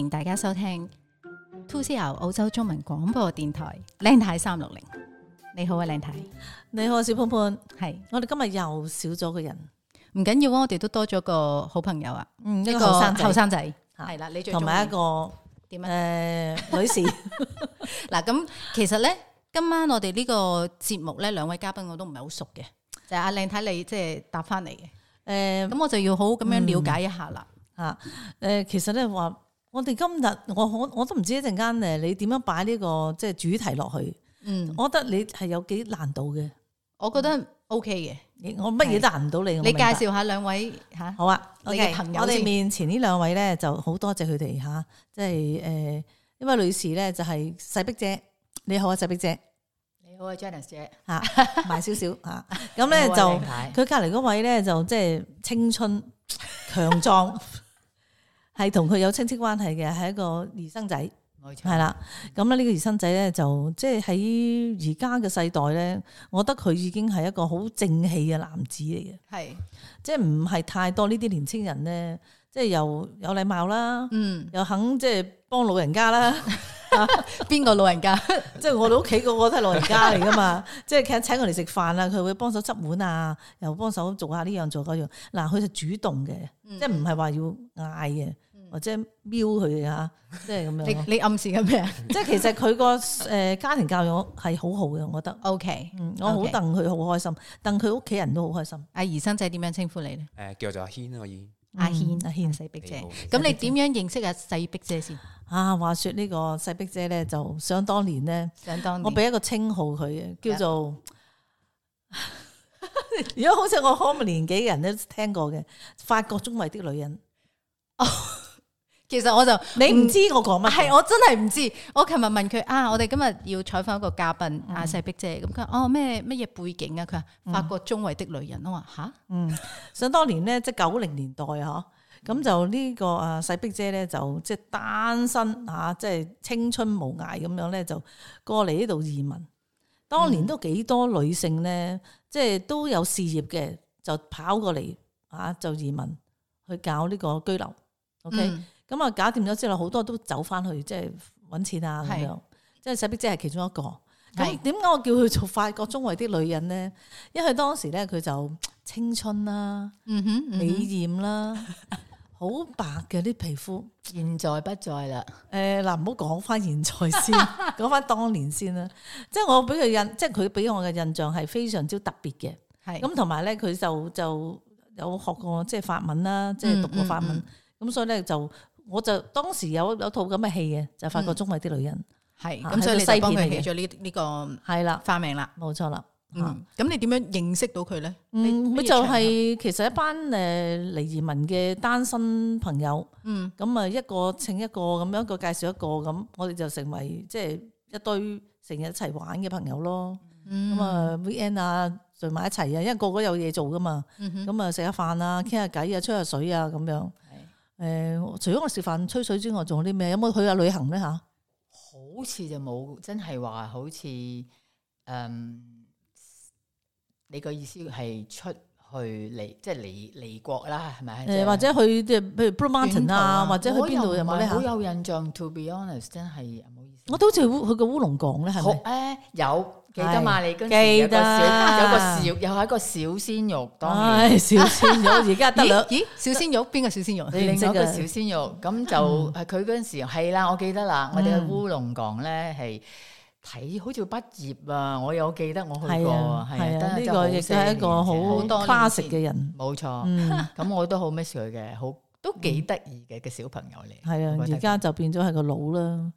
歡迎大家收聽 To c e 澳洲中文廣播電台靚太三六零，你好啊靚太，你好小潘潘，係是我哋今日又少咗個人，唔緊要啊，我哋都多咗個好朋友啊，嗯，一個後生仔，係啦，你同埋一個點啊樣、呃、女士，嗱，咁、 啊、其實咧今晚我哋呢個節目咧兩位嘉賓我都唔係好熟嘅、啊，就係阿靚太你即係答翻嚟嘅，誒咁、嗯、我就要好咁樣了解一下啦，吓誒、嗯嗯、其實咧話。我哋今日我我我都唔知一陣間誒你點樣擺呢個即係主題落去，嗯，我覺得你係有幾難度嘅，我覺得 O K 嘅，我乜嘢難唔到你。是你介紹下兩位吓，好啊，okay, 你嘅朋友。我哋面前兩呢兩位咧就好多謝佢哋吓，即係誒，呢、就、位、是呃、女士咧就係細碧姐，你好啊，細碧姐，你好啊，Janice 姐，吓，埋少少啊，咁咧、 啊、就佢隔籬嗰位咧就即係青春強壯。強壯 係同佢有親戚關係嘅，係一個姨甥仔，係啦。咁咧呢個姨甥仔咧，就即係喺而家嘅世代咧，我覺得佢已經係一個好正氣嘅男子嚟嘅。係，即係唔係太多呢啲年青人咧，即係又有禮貌啦，嗯，又肯即係幫老人家啦。邊個老人家？即係我哋屋企個個都係老人家嚟噶嘛？即係請請佢嚟食飯啊，佢會幫手執碗啊，又幫手做下呢樣做嗰樣。嗱，佢就主動嘅，即係唔係話要嗌嘅。或者瞄佢啊，即係咁樣。你你暗示緊咩？即係其實佢個誒家庭教育係好好嘅，我覺得 OK。嗯，我好戥佢，好開心，戥佢屋企人都好開心。阿姨甥仔點樣稱呼你咧？誒，叫做阿軒可以。阿軒，阿軒細碧姐。咁你點樣認識阿細碧姐先？啊，話說呢個細碧姐咧，就想當年咧，想當年我俾一個稱號佢，叫做如果好似我咁年紀嘅人都聽過嘅，法國中衛啲女人。哦。其實我就你唔知我講乜，係我真係唔知。我琴日問佢啊，我哋今日要採訪一個嘉賓啊，細碧姐咁佢、嗯、哦，咩乜嘢背景啊？佢話法國中衛的女人啊嘛吓，嗯，想、嗯、當年咧，即係九零年代嗬，咁、嗯、就、這個啊、呢個啊細碧姐咧就即係單身啊，即、就、係、是、青春無涯咁樣咧就過嚟呢度移民。嗯、當年都幾多女性咧，即、就、係、是、都有事業嘅，就跑過嚟啊就移民去搞呢個居留，OK、嗯。咁啊搞掂咗之後，好多都走翻去，即係揾錢啊咁樣，即係細碧姐即係其中一個。咁點解我叫佢做法國中華啲女人咧？因為當時咧佢就青春啦、啊，嗯哼嗯、哼美豔啦、啊， 好白嘅啲皮膚，現在不在啦。誒嗱、欸，唔好講翻現在先，講翻 當年先啦。即係我俾佢印，即係佢俾我嘅印象係非常之特別嘅。係咁同埋咧，佢就就有學過即係法文啦，即、就、係、是、讀過法文，咁所以咧就。我就當時有有套咁嘅戲嘅，就發覺中圍啲女人係咁，所以你幫佢起咗呢呢個係啦，化名啦，冇錯啦。嗯，咁你點樣認識到佢咧？嗯，佢就係其實一班誒嚟移民嘅單身朋友。咁啊一個請一個咁樣一個介紹一個咁，我哋就成為即係一堆成日一齊玩嘅朋友咯。咁啊，V N 啊聚埋一齊啊，因為個個有嘢做噶嘛。咁啊食下飯啊，傾下偈啊，吹下水啊咁樣。誒、呃，除咗我食飯吹水之外，仲有啲咩？有冇去下、啊、旅行咧？嚇，好似就冇，真係話好似誒，你個意思係出去離，即係離離國啦，係咪？或者去即係譬如 Blue Mountain 啊，啊或者去邊度有冇咧嚇？有印象，To be honest，真係。.我都最烏佢個烏龍港咧，係咪？誒有記得嘛？你跟住有個小有個小，又係一個小鮮肉。當然小鮮肉而家得兩咦？小鮮肉邊個小鮮肉？另一個小鮮肉咁就係佢嗰陣時，係啦，我記得啦。我哋去烏龍港咧係睇好似畢業啊！我有記得我去過。係啊，呢個亦都係一個好多花臣嘅人。冇錯，咁我都好 miss 佢嘅，好都幾得意嘅嘅小朋友嚟。係啊，而家就變咗係個佬啦。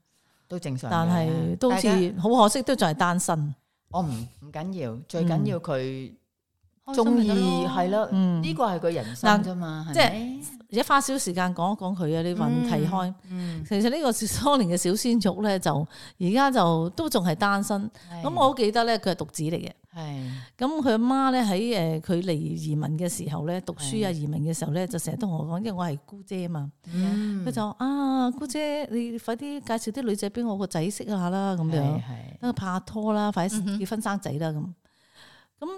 都正常，但係都好似好可惜，都仲係單身。我唔，唔緊要，最緊要佢中意係啦。嗯，呢個係佢人生啫嘛。即係而家花少時間講一講佢啊，呢個問題開。嗯，其實呢個多年嘅小鮮肉咧，就而家就都仲係單身。咁我好記得咧，佢係獨子嚟嘅。係，咁佢阿媽咧，喺誒佢嚟移民嘅時候咧讀書啊，移民嘅時候咧就成日同我講，因為我係姑姐嘛，佢、嗯、就啊姑姐，你快啲介紹啲女仔俾我個仔識一下啦，咁樣的，等佢拍下拖啦，快啲結婚生仔啦咁。咁、嗯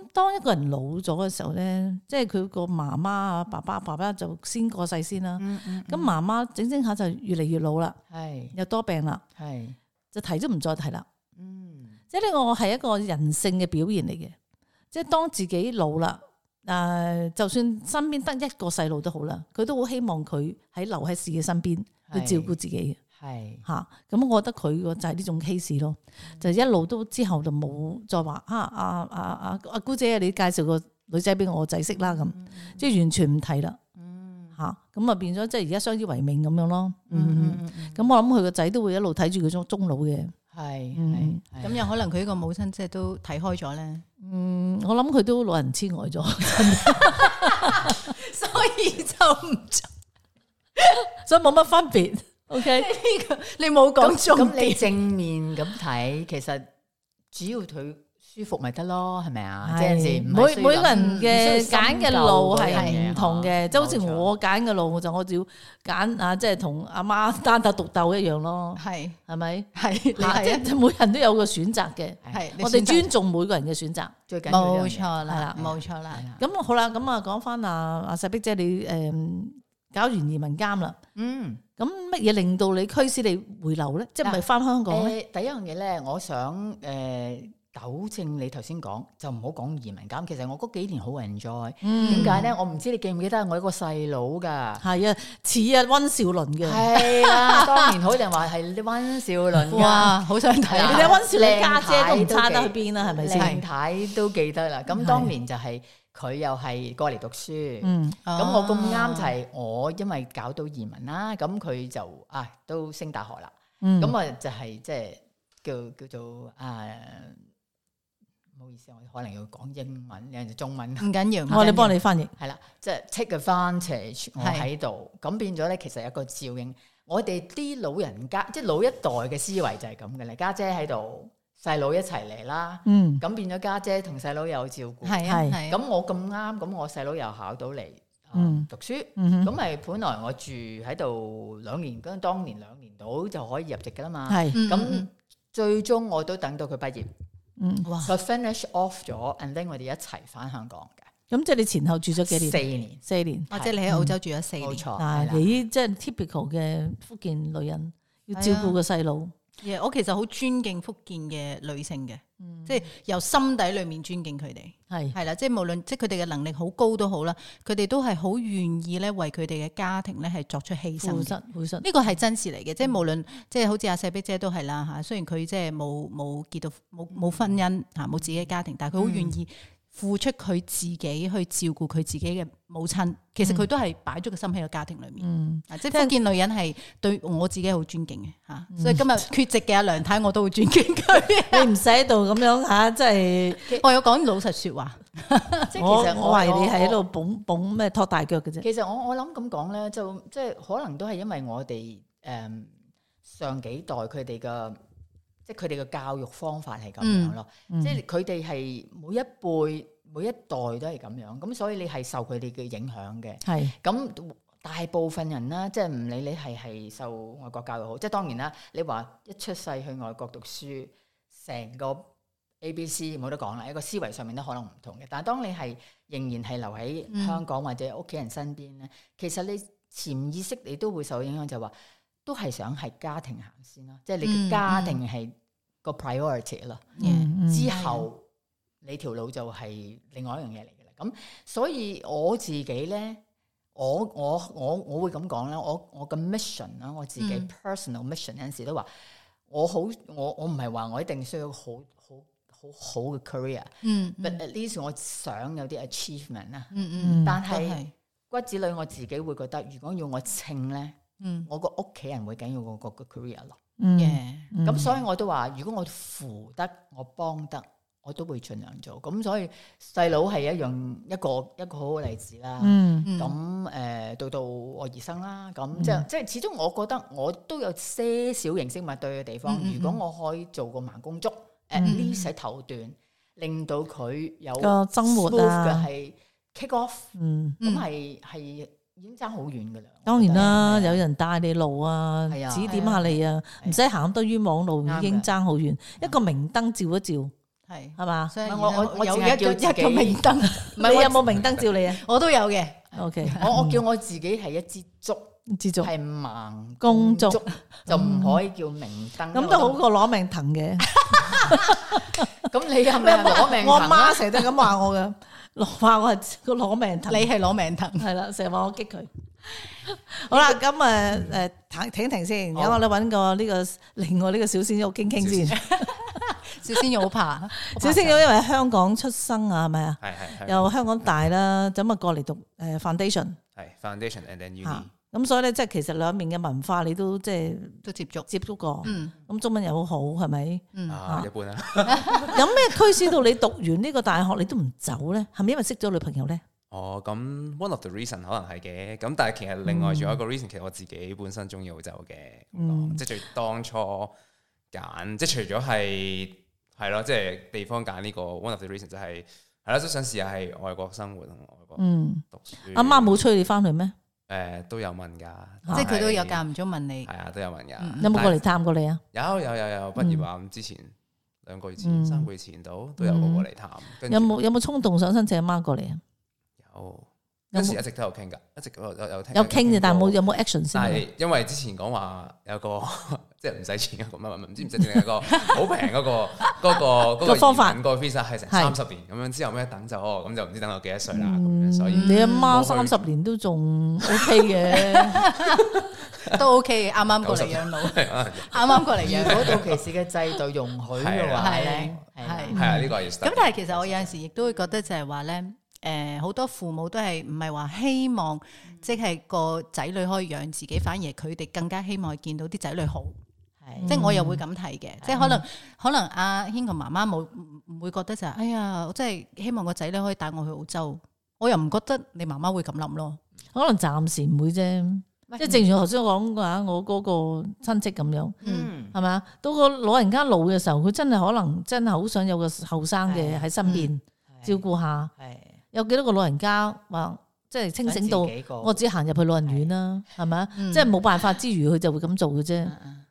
嗯、當一個人老咗嘅時候咧，即係佢個媽媽啊，爸爸，爸爸就先過世先啦。咁媽媽整整下就越嚟越老啦，的又多病啦，就提都唔再提啦。的即係我係一個人性嘅表現嚟嘅，即係當自己老啦，誒，就算身邊得一個細路都好啦，佢都好希望佢喺留喺自己身邊去照顧自己，係吓，咁、啊、我覺得佢個就係呢種 case 咯，嗯，就一路都之後就冇再話啊啊啊啊啊姑姐你介紹個女仔俾我仔識啦咁，即係完全唔睇啦，吓、嗯，咁啊變咗即係而家相依為命咁樣咯，咁、嗯嗯哼嗯、我諗佢個仔都會一路睇住佢中中老嘅。係，咁、嗯、有可能佢呢個母親即係都睇開咗咧。嗯，我諗佢都老人痴呆咗，所以就唔，所以冇乜分別。OK，呢個你冇講重點。咁你正面咁睇，其實只要佢。舒服咪得咯，係咪啊？即係每每個人嘅揀嘅路係唔同嘅，即係好似我揀嘅路，我就我就要揀啊！即係同阿媽單打獨鬥一樣咯。係係咪？係嗱，即係每人都有個選擇嘅。係我哋尊重每個人嘅選擇，最緊要。冇錯啦，冇錯啦。咁好啦，咁啊，講翻阿阿細碧姐，你誒搞完移民監啦。嗯。咁乜嘢令到你驅使你回流咧？即係咪翻香港？第一樣嘢咧，我想誒。糾正你頭先講，就唔好講移民監。其實我嗰幾年好 enjoy，點解咧？我唔知你記唔記得，我有個細佬噶，係啊，似啊温兆倫嘅，係啊，當年好多人話係温兆倫。哇，好想睇温兆倫家姐都唔差得去邊啦，係咪先？靚太都記得啦。咁當年就係佢又係過嚟讀書，咁我咁啱就係我因為搞到移民啦，咁佢就啊都升大學啦。咁啊就係即係叫叫做誒。唔好意思，我可能要講英文，有陣中文。唔緊要，我哋幫你翻譯係啦，即係、就是、take advantage 我。我喺度，咁變咗咧，其實有個照應。我哋啲老人家，即係老一代嘅思維就係咁嘅咧。家姐喺度，細佬一齊嚟啦。嗯，咁變咗家姐同細佬有照顧。係咁、啊啊啊、我咁啱，咁我細佬又考到嚟讀書。嗯、咁、嗯、咪本來我住喺度兩年，咁當年兩年到就可以入籍噶啦嘛。係，咁最終我都等到佢畢業。嗯，哇，佢 finish off 咗，and then 我哋一齊翻香港嘅。咁即係你前後住咗幾年？四年，四年。或者你喺澳洲住咗四年。冇錯，係啦。你即係 typical 嘅福建女人，要照顧個細路。Yeah, 我其實好尊敬福建嘅女性嘅，嗯、即係由心底裡面尊敬佢哋。係係啦，即係無論即係佢哋嘅能力高好高都好啦，佢哋都係好願意咧為佢哋嘅家庭咧係作出犧牲嘅。付出付出，呢個係真事嚟嘅、嗯。即係無論即係好似阿細碧姐都係啦嚇，雖然佢即係冇冇結到冇冇婚姻嚇，冇自己嘅家庭，但係佢好願意。嗯付出佢自己去照顧佢自己嘅母親，其實佢都係擺咗個心喺個家庭裏面，嗯，即係福建女人係對我自己好尊敬嘅吓，嗯、所以今日缺席嘅阿梁太我都好尊敬佢，嗯、 你唔使喺度咁樣吓，即、啊、係實我有講老實說話，我我係你喺度捧捧咩托大腳嘅啫，其實我我諗咁講咧，就即係可能都係因為我哋誒、嗯、上幾代佢哋嘅。即係佢哋嘅教育方法係咁樣咯，嗯嗯、即係佢哋係每一輩每一代都係咁樣，咁所以你係受佢哋嘅影響嘅。係是，咁大部分人啦，即係唔理你係係受外國教育好，即係當然啦。你話一出世去外國讀書，成個 A、B、C 冇得講啦，一個思維上面都可能唔同嘅。但係當你係仍然係留喺香港或者屋企人身邊咧，嗯、其實你潛意識你都會受影響就，就話。都係想係家庭行先咯，即係你嘅家庭係個 priority 啦。Mm hmm. 之後你條路就係另外一樣嘢嚟嘅啦。咁所以我自己咧，我我我我會咁講咧，我我嘅 mission 啦，我，我，mission，我自己 personal mission 有陣時都話，我好我我唔係話我一定需要好好，好好好嘅 career，嗯、mm，但係 at least 我想有啲 achievement 啦，嗯嗯，但係骨子裏我自己會覺得，如果要我稱咧。嗯，我個屋企人會緊要我個個 career 咯，嗯，咁所以我都話，如果我扶得，我幫得，我都會盡量做。咁所以細佬係一樣一個一個好好嘅例子啦。咁誒到到我而生啦，咁即即係始終我覺得我都有些少形式物對嘅地方。如果我可以做個盲工足誒呢洗頭段，令到佢有個 smooth 嘅係 kick off，咁係係。已經爭好遠噶啦，當然啦，有人帶你路啊，指點下你啊，唔使行多冤枉路，已經爭好遠。一個明燈照一照，係係嘛？我我有一一個明燈，你有冇明燈照你啊？我都有嘅。O K，我我叫我自己係一支竹，支竹係盲公竹，就唔可以叫明燈。咁都好過攞命騰嘅。咁你有咩攞命？我阿媽成日都咁話我噶。攞花我係佢攞命騰，你係攞命騰。係啦，成日話我激佢。 好啦，咁啊誒停停先，咁、哦、我咧揾個呢、呢個另外呢個小鮮肉傾傾先。小鮮肉好怕，小鮮肉因為香港出生啊，係咪啊？係係。由香港大啦，咁啊的過嚟讀誒 foundation。係 foundation and then uni。咁所以咧，即係其實兩面嘅文化你都即係都接觸接觸過。過，嗯，咁中文又好好係咪？是是啊，啊一般啊。 有咩驅使到你讀完呢個大學你都唔走咧？係咪因為識咗女朋友咧？哦，咁 one of the reason 可能係嘅。咁但係其實另外仲有一個 reason、嗯、其實我自己本身中意好走嘅。嗯、即係最當初揀，即係除咗係係咯，即係、就是、地方揀呢個 one of the reason 就係係啦，都、就是、想試下係外國生活同外國嗯讀書。阿媽冇催你翻去咩？誒、呃，都有問噶，即係佢都有間唔中問你。係啊，都有問噶、嗯。有冇過嚟探過你啊？有有有有，畢業啊！咁、嗯、之前兩個月前、嗯、三個月前度都有過過嚟探有有。有冇有冇衝動想申請阿媽過嚟啊？有。嗰時一直都有傾㗎，一直有有有傾，有傾嘅，但係冇有冇 action 先。但係因為之前講話有個即係唔使錢一個，唔知唔知唔使錢一個好平嗰個嗰個嗰個方法五個 visa 係成三十年咁樣，之後咩等就哦咁就唔知等到幾多歲啦。所以你阿媽三十年都仲 OK 嘅，都 OK，啱啱過嚟養老，啱啱過嚟養老。如果到其時嘅制度容許嘅話，係係係啊，呢個要。咁但係其實我有陣時亦都會覺得就係話咧。誒，好、呃、多父母都係唔係話希望，即係個仔女可以養自己，嗯、反而佢哋更加希望見到啲仔女好。係，嗯、即係我又會咁睇嘅，嗯、即係可能是的 可能阿軒同媽媽冇唔會覺得就係、是，哎呀，我真係希望個仔女可以帶我去澳洲。我又唔覺得你媽媽會咁諗咯，可能暫時唔會啫。即係、嗯、正如我頭先講嘅話，我嗰個親戚咁樣，嗯，係咪？到個老人家老嘅時候，佢真係可能真係好想有個後生嘅喺身邊、嗯嗯嗯、照顧下。嗯有幾多個老人家話，即係清醒到，我只行入去老人院啦，係咪啊？即係冇辦法之餘，佢就會咁做嘅啫。嗯、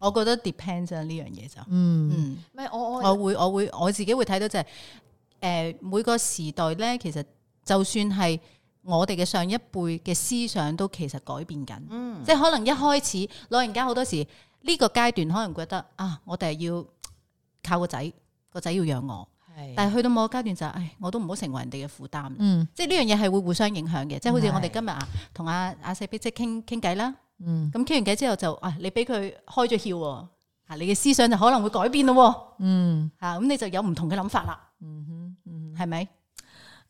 我覺得 depends 呢樣嘢就，嗯，唔係、嗯、我我我會我會我自己會睇到就係、是，誒、呃、每個時代咧，其實就算係我哋嘅上一輩嘅思想都其實改變緊，嗯、即係可能一開始老人家好多時呢、這個階段可能覺得啊，我哋係要靠個仔，個仔要養我。但係去到某個階段就，唉，我都唔好成為人哋嘅負擔。嗯，即係呢樣嘢係會互相影響嘅。即係好似我哋今日啊，同阿阿細碧姐即係傾傾偈啦。嗯，咁傾完偈之後就，啊，你俾佢開咗竅，啊，你嘅思想就可能會改變咯。嗯，吓咁你就有唔同嘅諗法啦、嗯。嗯哼，係咪？誒、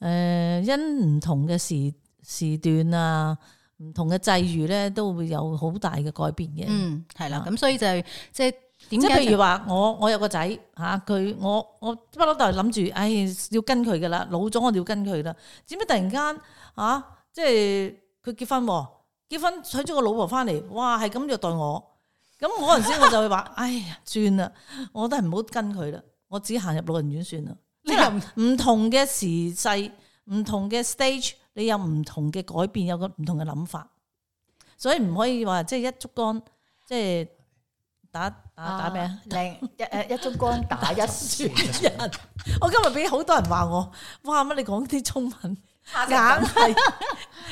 呃，因唔同嘅時時段啊，唔同嘅際遇咧，都會有好大嘅改變嘅。嗯，係啦。咁所以就係、即係。即係譬如話，我我有個仔吓，佢我我不嬲都係諗住唉要跟佢噶啦，老咗我就要跟佢啦。點解突然間吓、啊、即係佢結婚，結婚娶咗個老婆翻嚟，哇係咁虐待我，咁我嗰陣時我就會話哎呀算啦，我都係唔好跟佢啦，我只行入老人院算啦。即係唔同嘅時勢，唔同嘅 stage 你有唔同嘅改變，有個唔同嘅諗法，所以唔可以話即係一竹竿即係。打打打咩啊？零一誒一竹篙打一船 人。 我今日俾好多人話我，哇！乜你講啲中文硬係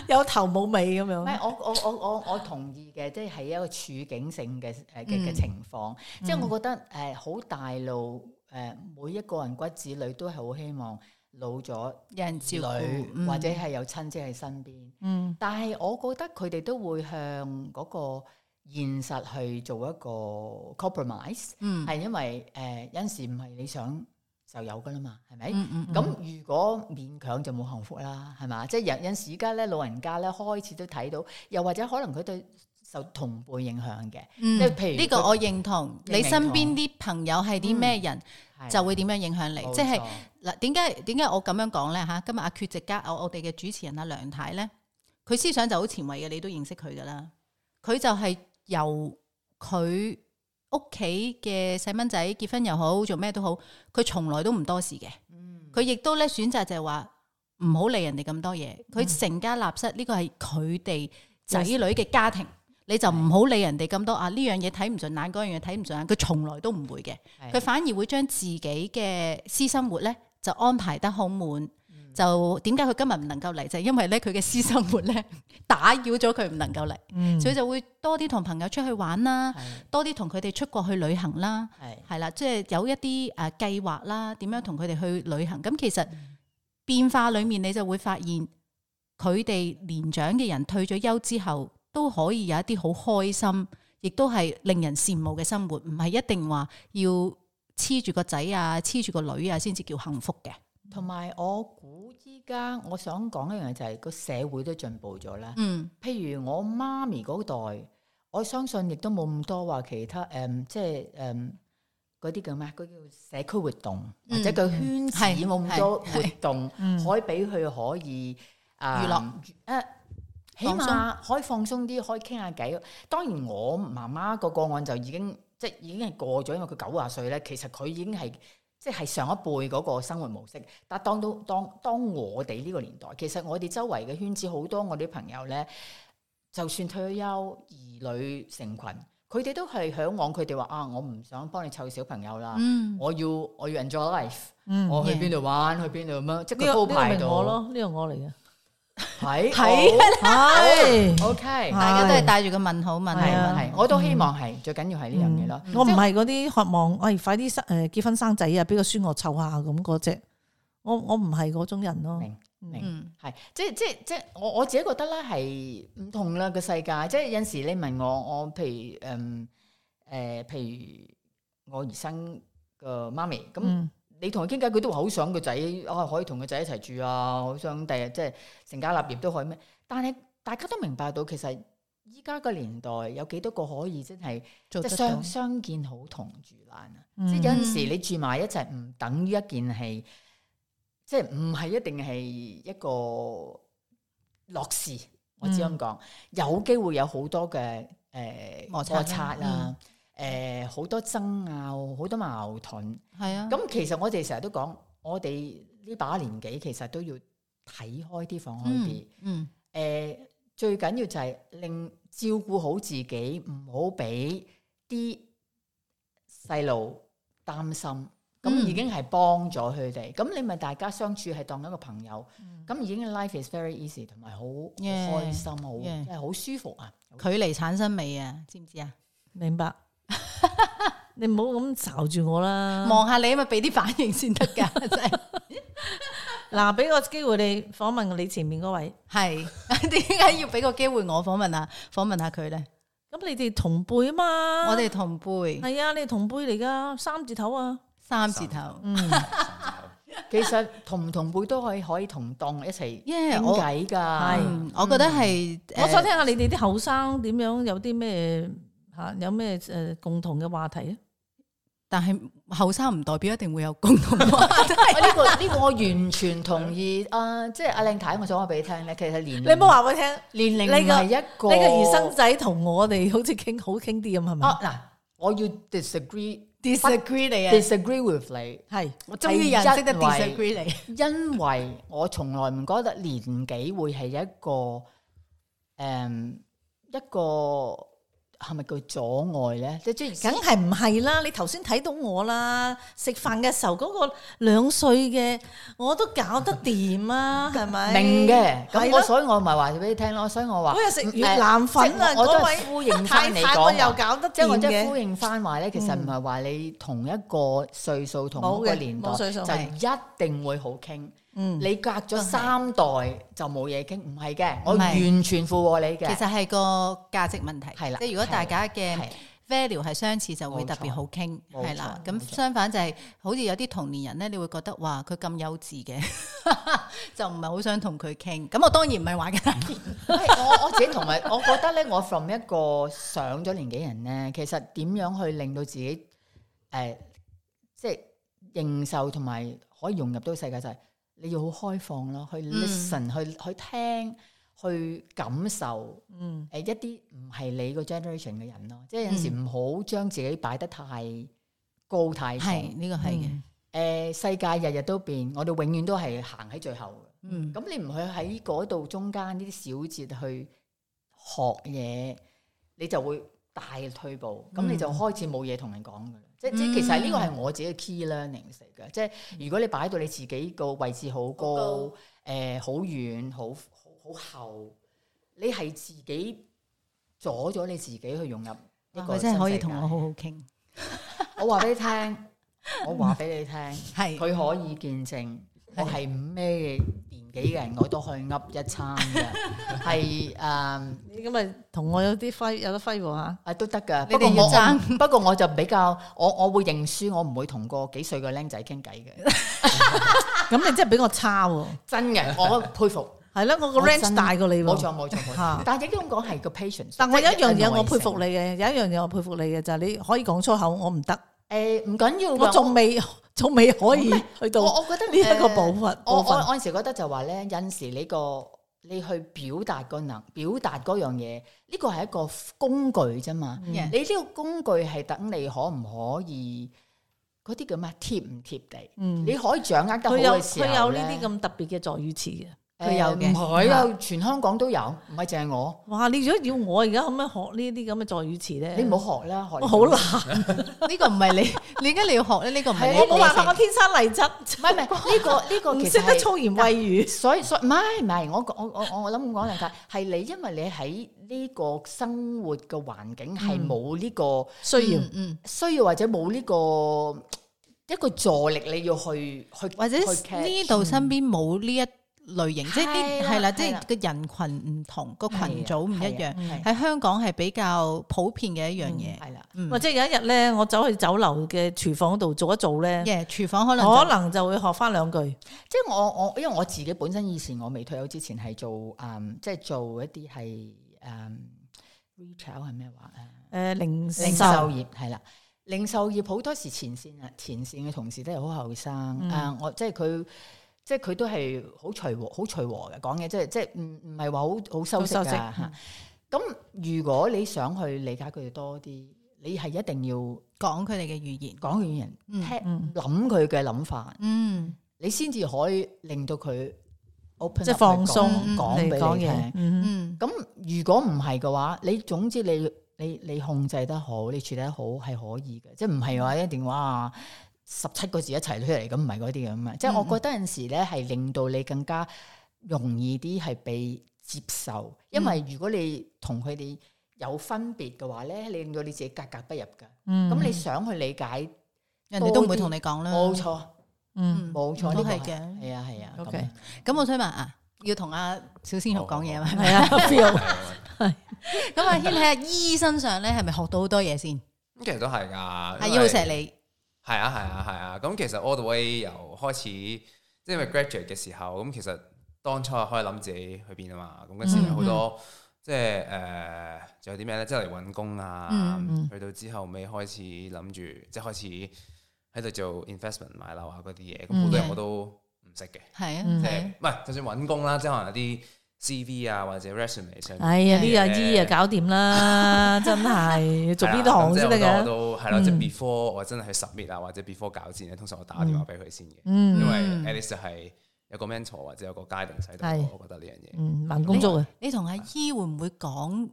有頭冇尾咁樣。 我我我我我同意嘅，即係係一個處境性嘅誒嘅嘅情況。嗯、即係我覺得誒好、嗯、大路誒，每一個人骨子裏都係好希望老咗有人照顧，女或者係有親戚喺身邊。嗯。但係我覺得佢哋都會向嗰、那個。現實去做一個 compromise，係、嗯、因為誒、呃、有陣時唔係你想就有㗎啦嘛，係咪？咁、嗯嗯、如果勉強就冇幸福啦，係嘛？即、就、係、是、有有陣時而家咧，老人家咧開始都睇到，又或者可能佢對受同輩影響嘅，即係譬如呢個我認同，認認同你身邊啲朋友係啲咩人、嗯、就會點樣影響你？即係嗱，點解點解我咁樣講咧？嚇，今日阿缺席家，我哋嘅主持人阿梁太咧，佢思想就好前衞嘅，你都認識佢㗎啦，佢就係、是。由佢屋企嘅細蚊仔結婚又好，做咩都好，佢從來都唔多事嘅。佢亦都咧選擇就係話唔好理人哋咁多嘢。佢成、嗯、家立室呢個係佢哋仔女嘅家庭，的你就唔好理人哋咁多的啊！呢樣嘢睇唔順眼，嗰樣嘢睇唔順眼，佢從來都唔會嘅。佢的反而會將自己嘅私生活咧就安排得好滿。就點解佢今日唔能夠嚟？就係、是、因為咧，佢嘅私生活咧打擾咗佢，唔能夠嚟。嗯、所以就會多啲同朋友出去玩啦，的多啲同佢哋出國去旅行啦，係啦的，即係、就是、有一啲誒、啊、計劃啦，點樣同佢哋去旅行？咁其實的變化裡面，你就會發現佢哋年長嘅人退咗休之後，都可以有一啲好開心，亦都係令人羨慕嘅生活。唔係一定話要黐住個仔啊、黐住個女啊先至叫幸福嘅。同埋，我估依家我想講一樣嘢就係個社會都進步咗啦。嗯，譬如我媽咪嗰代，我相信亦都冇咁多話其他誒、嗯，即係誒嗰啲叫咩？嗰啲叫社區活動、嗯、或者個圈子冇咁、嗯、多活動，嗯、可以俾佢可以啊、嗯嗯、娛樂誒，起碼可以放鬆啲，可以傾下偈。當然，我媽媽個個案就已經即係已經係過咗，因為佢九十歲咧，其實佢已經係。即係上一輩嗰個生活模式，但係當到當當我哋呢個年代，其實我哋周圍嘅圈子，好多我啲朋友咧，就算退休，兒女成群，佢哋都係向往，佢哋話啊，我唔想幫你湊小朋友啦、嗯，我要我要 enjoy life，我去邊度玩，嗯、去邊度咁樣，即係高排度咯，呢、這個這個這個我嚟嘅。係係係，OK，大家都係帶住個問號問係啊，係，我都希望係最緊要係呢樣嘢咯。我唔係嗰啲渴望，我快啲生誒結婚生仔啊，俾個孫我湊下咁嗰隻。我我唔係嗰種人咯，明明係即係即係即係，我我自己覺得咧係唔同啦個世界。即係有陣時你問我，我譬如誒誒，譬如我姨甥個媽咪咁。你同佢傾偈，佢都話好想個仔，啊可以同個仔一齊住啊！好想第日，日即係成家立業都可以咩？但係大家都明白到，其實依家個年代有幾多個可以真係相相見好同住難啊！嗯、即係有陣時你住埋一齊，唔等於一件係即係唔係一定係一個樂事。我只咁講，嗯、有機會有好多嘅誒、呃、摩擦啊！嗯誒好、呃、多爭拗，好多矛盾，係啊！咁其實我哋成日都講，我哋呢把年紀其實都要睇開啲，放開啲。嗯。誒、嗯，最緊要就係令照顧好自己，唔好俾啲細路擔心。咁、嗯嗯嗯、已經係幫咗佢哋。咁你咪大家相處係當一個朋友，咁、嗯、已經 life is very easy，同埋好開心，好係好舒服啊！Yeah. 舒服。距離產生美啊，知唔知啊？明白。你唔好咁罩住我啦，望下你啊嘛，俾啲反應先得噶，真係。嗱，俾個機會你訪問你前面嗰位，係點解要俾個機會我訪問啊？訪問下佢咧，咁你哋同輩啊嘛，我哋同輩，係啊，你哋同輩嚟噶，三字頭啊，三字頭，其實同唔同輩都可以可以同當一齊傾偈噶，係，我覺得係。我想聽下你哋啲後生點樣，有啲咩？啊，有咩誒共同嘅話題咧？但係後生唔代表一定會有共同話題，呢個呢個我完全同意。誒，即係阿靚太，我想話俾你聽咧，其實年齡，你唔好話我聽年齡係一個，你個姨甥仔同我哋好似傾好傾啲咁係咪？哦嗱，我要 disagree，disagree 你，disagree with 你，係我終於認識得 disagree 你，因為我從來唔覺得年紀會係一個誒一個。係咪叫阻礙咧？梗係唔係啦！你頭先睇到我啦，食飯嘅時候嗰個兩歲嘅，我都搞得掂啊，係咪？ 明嘅，咁我的所以我咪係話俾你聽咯，所以我話。我又食越南粉，呃、我位我都、就是、呼應翻你講。即係我即係呼應翻話咧，其實唔係話你同一個歲數、嗯、同一個年代就一定會好傾。嗯，你隔咗三代就冇嘢傾，唔係嘅，我完全附和你嘅。其實係個價值問題，係啦。即係如果大家嘅 value 係相似，就會特別好傾，係啦。咁相反就係好似有啲同年人咧，你會覺得哇，佢咁幼稚嘅，就唔係好想同佢傾。咁我當然唔係話嘅，我我自己同埋，我覺得咧，我 from 一個上咗年紀人咧，其實點樣去令到自己誒，即係認受同埋可以融入到世界就係。你要好開放咯，去 listen，、嗯、去去聽，去感受，誒、嗯呃、一啲唔係你個 generation 嘅人咯，嗯、即係有時唔好將自己擺得太高太高，呢、嗯、個係嘅、呃。世界日日都變，我哋永遠都係行喺最後。嗯，咁、嗯、你唔去喺嗰度中間呢啲小節去學嘢，你就會。大嘅推步，咁你就開始冇嘢同人講㗎喇，即即其實呢個係我自己嘅 key learning 嚟嘅，嗯、即係如果你擺到你自己個位置好高，誒好高、呃、遠，好好好後，你係自己阻咗你自己去融入個，呢佢真可以同我好好傾。 我話俾你聽， 我話俾你聽，係佢 可以見證我係咩幾人我都可以噏一餐嘅，係誒，咁咪同我有啲揮有得揮喎啊，啊都得噶，不過我不過我就比較，我我會認輸，我唔會同個幾歲嘅僆仔傾偈嘅，咁 你真係比我差喎，啊，真嘅，我佩服，係啦， 我個 range 大過你喎，冇錯冇錯，但係亦都咁講係個 patience，但我有一樣嘢我，我佩服你嘅，有一樣嘢我佩服你嘅就係、是、你可以講粗口，我唔得。誒，唔緊要，我仲未，仲未可以去到。我我覺得呢一個部分，呃，我我我陣時覺得就話咧，有時你個你去表達個能表達嗰樣嘢，呢個係一個工具啫嘛。嗯、你呢個工具係等你可唔可以嗰啲叫咩貼唔貼地？嗯、你可以掌握得好嘅時候咧，佢有呢啲咁特別嘅助語詞嘅。佢有嘅，唔係啊！全香港都有，唔係淨係我。哇！你如果要我而家咁樣學呢啲咁嘅助語詞咧，你唔好學啦，學好難。呢個唔係你，你而家你要學咧，呢個唔係我冇辦法，我天生麗質。唔係唔係呢個呢個，唔識得粗言穢語。所以所以唔係唔係，我我我我諗講嚟噶係你，因為你喺呢個生活嘅環境係冇呢個需要，需要或者冇呢個一個助力你要去去或者呢度身邊冇呢一。類型即係啲係啦，即係個人群唔同，個群組唔一樣。喺香港係比較普遍嘅一樣嘢。係啦，或者有一日咧，我走去酒樓嘅廚房度做一做咧，嘅廚房可能可能就會學返兩句。即係我我因為我自己本身以前我未退休之前係做誒，即係做一啲係誒 retail 係咩話咧？誒零零售業係啦，零售業好多時前線啊，前線嘅同事都係好後生啊。我即係佢。即係佢都係好隨和，好隨和嘅講嘢，即係即係唔唔係話好好收縮嘅嚇。咁、嗯、如果你想去理解佢哋多啲，你係一定要講佢哋嘅語言，講佢嘅語言，聽，諗佢嘅諗法，嗯，嗯你先至可以令到佢 open up，即係放鬆，講俾你聽。咁、嗯嗯、如果唔係嘅話，你總之你你你控制得好，你處理得好係可以嘅，即係唔係話一定話十七個字一齊出嚟，咁唔係嗰啲咁啊！即係我覺得有陣時咧，係令到你更加容易啲係被接受。因為如果你同佢哋有分別嘅話咧，你令到你自己格格不入噶。咁你想去理解，人哋都唔會同你講啦。冇錯，嗯，冇錯，都係嘅。係啊，係啊。O K，咁我想問啊，要同阿小鮮肉講嘢係咪啊？係。咁阿軒喺阿姨身上咧，係咪學到好多嘢先？咁其實都係噶。阿姨好錫你。係啊係啊係啊！咁、啊啊啊、其實 all the way 由開始，即係因為 graduate 嘅時候，咁其實當初啊開始諗自己去邊啊嘛。咁嗰時有好多嗯嗯即係誒，仲、呃、有啲咩咧？即係嚟揾工啊，嗯嗯去到之後未開始諗住，即係開始喺度做 investment 買樓啊嗰啲嘢。咁好多人我都唔識嘅。係啊，嗯、即係唔係就算揾工啦，即係可能有啲。CV 啊，或者 resume 先哎呀，呢樣依啊搞掂啦， 真係做呢行先得嘅。我都係咯，即係 before 我真係去 submit 啊，或者 before 搞之前咧，通常我打電話俾佢先嘅。嗯，嗯嗯，因為 Alice 係、嗯、有個 mentor 或者有個 guide 喺度、嗯。係，我覺得呢樣嘢慢工作嘅。你同阿姨會唔會講，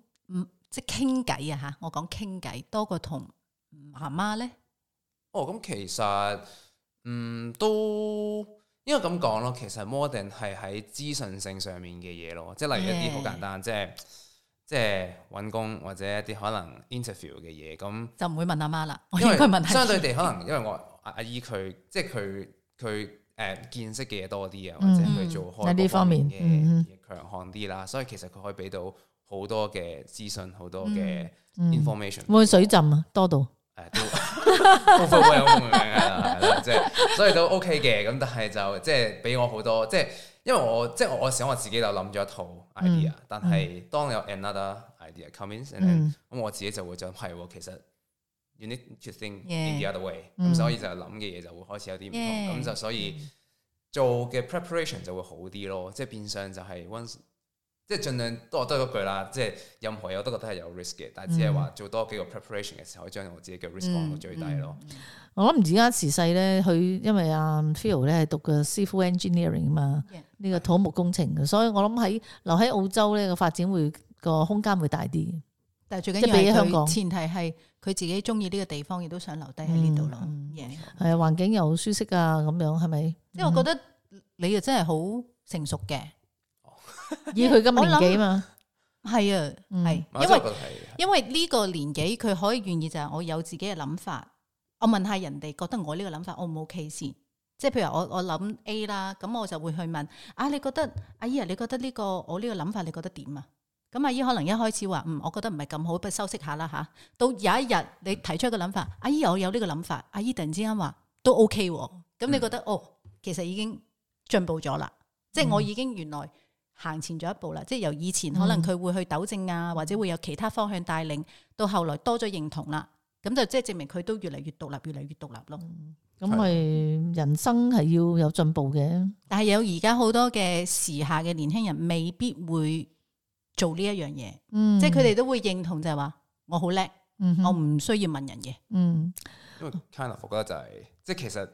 即係傾偈啊？吓，我講傾偈多過同媽媽咧。哦，咁其實嗯都。因為咁講咯，其實 modern 係喺資訊性上面嘅嘢咯，即係例如一啲好簡單，即係即係揾工或者一啲可能 interview 嘅嘢，咁就唔會問阿媽啦。因為佢問相對地可能因為我阿阿姨佢即係佢佢誒見識嘅嘢多啲啊，或者佢做開喺呢方面嘅、嗯嗯、強項啲啦，所以其實佢可以俾到好多嘅資訊，好多嘅 information。會水浸啊，多到誒多。 都好 有共鳴啊，即係所以都 OK 嘅，咁但係就即係俾我好多，即係因為我即係我想我自己就諗咗一套 idea，但係當有 another idea come in，咁我自己就會就發覺其實 you need to think in the other way，咁、嗯、所以就諗嘅嘢就會開始有啲唔同，咁就、嗯、所，所以做嘅 preparation 就會好啲咯，即係變相就係 once。即係盡量多，得係嗰句啦。即係任何嘢，我都覺得係有 risk 嘅，但係只係話做多幾個 preparation 嘅時候，可以將我自己嘅 risk 降到最低咯，嗯嗯嗯。我諗而家時勢咧，佢因為阿 Phil 咧係讀個 civil engineering 啊嘛，呢 Yeah. 個土木工程嘅，所以我諗喺留喺澳洲咧個發展會個空間會大啲。但係最緊要係佢前提係佢自己中意呢個地方，亦都想留低喺呢度咯。係、嗯、Yeah. 啊，環境又好舒適啊，咁樣係咪？因為我覺得你又真係好成熟嘅。以佢咁年紀嘛，係啊，係，因為因為呢個年紀佢可以願意就係，我有自己嘅諗法，我問下人哋覺得我呢個諗法，O 唔 OK 先，即係譬如我我諗 A 啦，咁我就會去問啊，你覺得阿姨啊，你覺得呢個我呢個諗法你覺得點啊？咁阿姨可能一開始話，嗯，我覺得唔係咁好，不如休息下啦吓。到有一日你提出個諗法，阿姨我有呢個諗法，阿姨突然之間話都 OK，咁你覺得哦，其實已經進步咗啦，即係我已經原來。行前咗一步啦，即係由以前可能佢會去糾正啊，嗯、或者會有其他方向帶領，到後來多咗認同啦，咁就即係證明佢都越嚟越獨立，越嚟越獨立咯。咁咪、嗯、人生係要有進步嘅。但係有而家好多嘅時下嘅年輕人未必會做呢一樣嘢，嗯、即係佢哋都會認同就係話我好叻，我唔、嗯、哼需要問人嘅。嗯。因為 kind of 我覺得就係、是，即係其實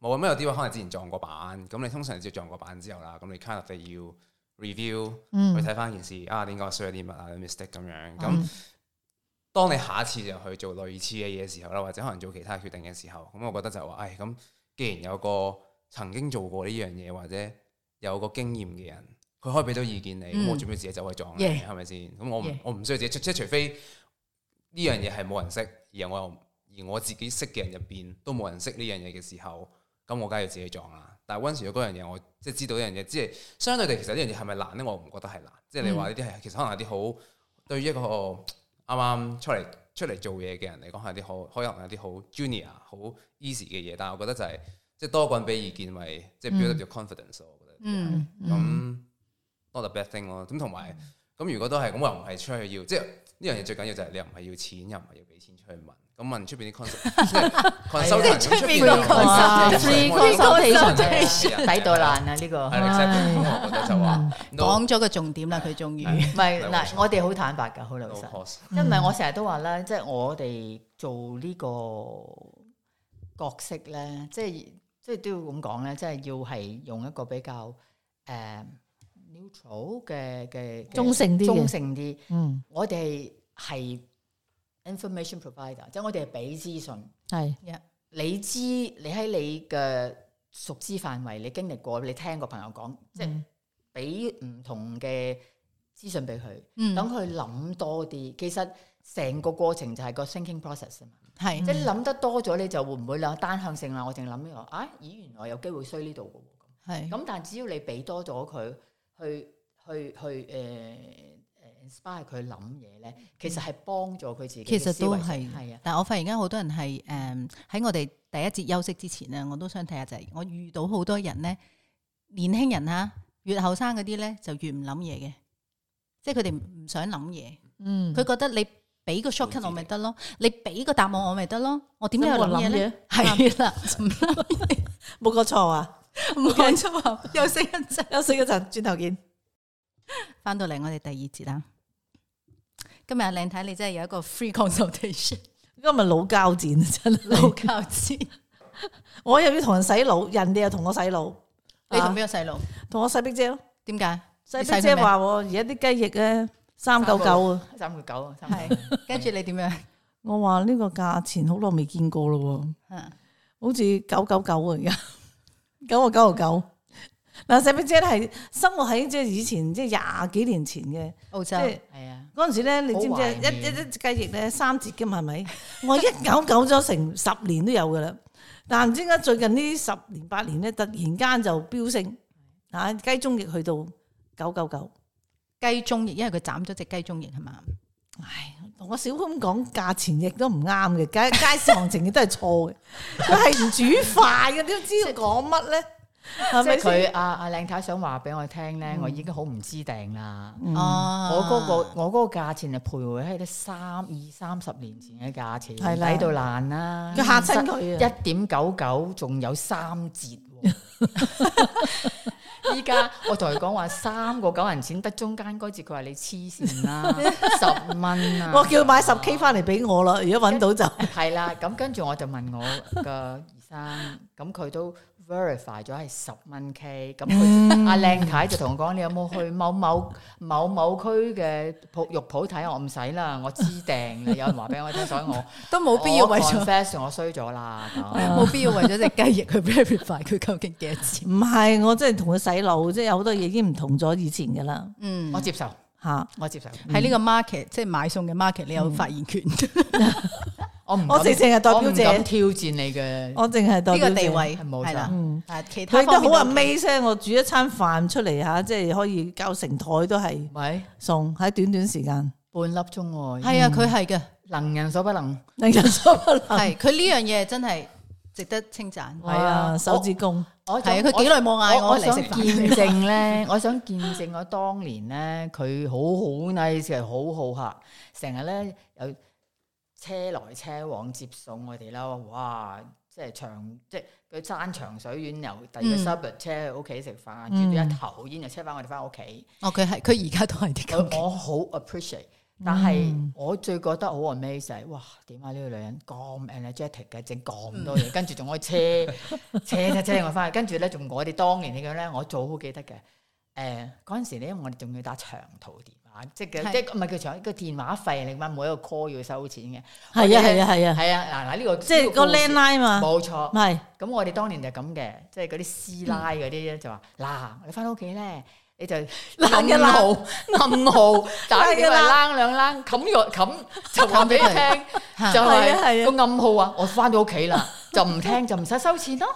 冇乜有啲話可能之前撞過板，咁你通常接撞過板之後啦，咁你 kind of 就要。review、嗯、去睇翻件事啊，點解我需要啲乜啊，mistake 咁樣。咁、嗯、當你下一次就去做類似嘅嘢時候啦，或者可能做其他決定嘅時候，咁我覺得就話，唉、哎，咁既然有個曾經做過呢樣嘢或者有個經驗嘅人，佢可以俾到意見你，嗯、我做咩自己走去撞嘅？係咪先？咁我唔、嗯、我唔需要自己，出，即係除非呢樣嘢係冇人識，嗯、而我又而我自己識嘅人入邊都冇人識呢樣嘢嘅時候，咁我梗係要自己撞啦。但係嗰時有嗰樣嘢我。即係知道一樣嘢，即係相對地，其實是是呢樣嘢係咪難咧？我唔覺得係難，嗯、即係你話呢啲係，其實可能係啲好對於一個啱啱出嚟出嚟做嘢嘅人嚟講，係啲好可能有啲好 junior 好 easy 嘅嘢。但係我覺得就係、是，即係多個人俾意見咪即係 build 得 confidence。嗯、我覺得咁多就是嗯、not a bad thing 咯。咁同埋咁如果都係，咁，又唔係出去要即係呢樣嘢最緊要就係你唔係要錢，又唔係要俾錢出去問。咁問出邊啲 concept？即係出邊個 concept？出邊啲 concept？抵到爛啊！呢個係啦，即係我覺得就話講咗個重點啦。佢終於唔係嗱，我哋好坦白噶，好老實，因為我成日都話啦，即係我哋做呢個角色咧，即係即係都要咁講咧，即係要係用一個比較誒 neutral 嘅嘅中性啲、中性啲。嗯，我哋係。Information provider，即係我哋係俾資訊，係是，你知你喺你嘅熟知範圍，你經歷過，你聽過朋友講，嗯、即係俾唔同嘅資訊俾佢，等佢諗多啲。其實成個過程就係個 thinking process 啊嘛，係是，即係諗得多咗你就會唔會啦單向性啦，我淨係諗呢個啊，咦原來有機會衰呢度嘅喎，咁是但係只要你俾多咗佢，去去去誒。去去呃 by 佢諗嘢咧，其實係幫助佢自己。其實都係，係啊！但係我發現而家好多人係誒，喺、嗯、我哋第一節休息之前咧，我都想睇下就係我遇到好多人咧，年輕人吓，越後生嗰啲咧就越唔諗嘢嘅，即係佢哋唔想諗嘢。嗯，佢覺得你俾個 shortcut 我咪得咯，你俾個答案我咪得咯，我點解要諗嘢咧？係啦，冇個錯啊！唔緊要，休息 okay 一陣，休息一陣，轉頭見。翻 到嚟我哋第二節啊！今日靚太，你真係有一個 free consultation。今日老交戰，真係老交戰。 我又要同人洗腦，人哋又同我洗腦。你同邊個洗腦？同我細碧姐咯。點解？細碧姐話而家啲雞翼咧三九九啊，三個九三個九啊，係。 跟住你點樣？ 我話呢個價錢好耐未見過咯。嗯， 好似九九九啊，而家九啊九啊九。嗱，細碧姐咧係生活喺，即係以前即係廿幾年前嘅，澳洲。係啊，嗰陣時咧，你知唔知一一一隻雞翼咧，三折嘅嘛，係咪？我一九九咗成十年都有嘅啦，但係唔知點解最近呢十年八年咧，突然間就飆升啊！雞中翼去到九九九，雞中翼因為佢斬咗隻雞中翼係嘛，唉，同我小潘講價錢亦都唔啱嘅，街街市行情亦都係錯嘅，佢係唔煮飯嘅，你都知講乜咧？即係佢阿阿靚太想話俾我聽咧，嗯、我已經好唔知定啦、嗯那個。我嗰個我嗰個價錢係徘徊喺得三二三十年前嘅價錢，係喺度爛啦。吓親佢，啊，一點九九仲有三折。啊。依家 我同佢講話三個九銀錢得中間嗰折，佢話你黐線啦，十蚊啊！啊叫我叫買十 K 翻嚟俾我啦，在如果搵到就係啦。 咁跟住我就問我個姨甥，咁佢都。verify 咗係十蚊 K，咁佢 阿靚太，太就同我講：你有冇去某某，某某某區嘅肉鋪睇？我唔使啦，我知訂嘅。有人話俾我聽，所以我都冇必要為咗我衰咗啦。冇 必要為咗隻雞翼去 verify 佢究竟幾多錢。唔係，我真係同佢洗腦，即係有好多嘢已經唔同咗以前㗎啦。嗯，我接受嚇，啊、我接受喺呢、嗯、個 market，即係買餸嘅 market，你有發言權。 我唔，我淨淨係代表，我唔敢挑戰你嘅，我淨係代表呢個地位係啦。嗯，係其他佢都好話咩聲？我煮一餐飯出嚟吓，即係可以交成台都係餵餸喺短短時間半粒鐘。係啊，佢係嘅，能人所不能，能人所不能係。佢呢樣嘢真係值得稱讚。係啊，手指公。我係啊，佢幾耐冇嗌我嚟食飯。見證咧，我想見證我當年咧，佢好好啊，其實好好客，成日咧有。車來車往接送我哋囉，哇！即係長，即係佢山長水遠，由第二個 suburb、嗯、車去屋企食飯，轉到、嗯、一頭煙又車翻我哋翻屋企。哦，佢係，佢而家都係啲咁我好 appreciate，但係、嗯、我最覺得好 amazed，哇！點解呢個女人咁 energetic 嘅，整咁多嘢，跟住仲可以車， 車啊車我翻去，跟住咧仲我哋當年嚟講咧，我早好記得嘅。誒、呃，嗰陣時咧，我哋仲要打長途啲。即係嘅，即係唔係叫長個電話費嚟嘛？每一個 call 要收錢嘅。係啊，係啊，係啊，係啊。嗱嗱，呢個即係個靚女嘛。冇錯，係。咁我哋當年就咁嘅，即係嗰啲師奶嗰啲咧就話：嗱，你翻到屋企咧，你就暗號暗號，打個冷兩冷，冚藥冚，就話俾佢聽，就係個暗號啊！我翻到屋企啦，就唔聽就唔使收錢咯。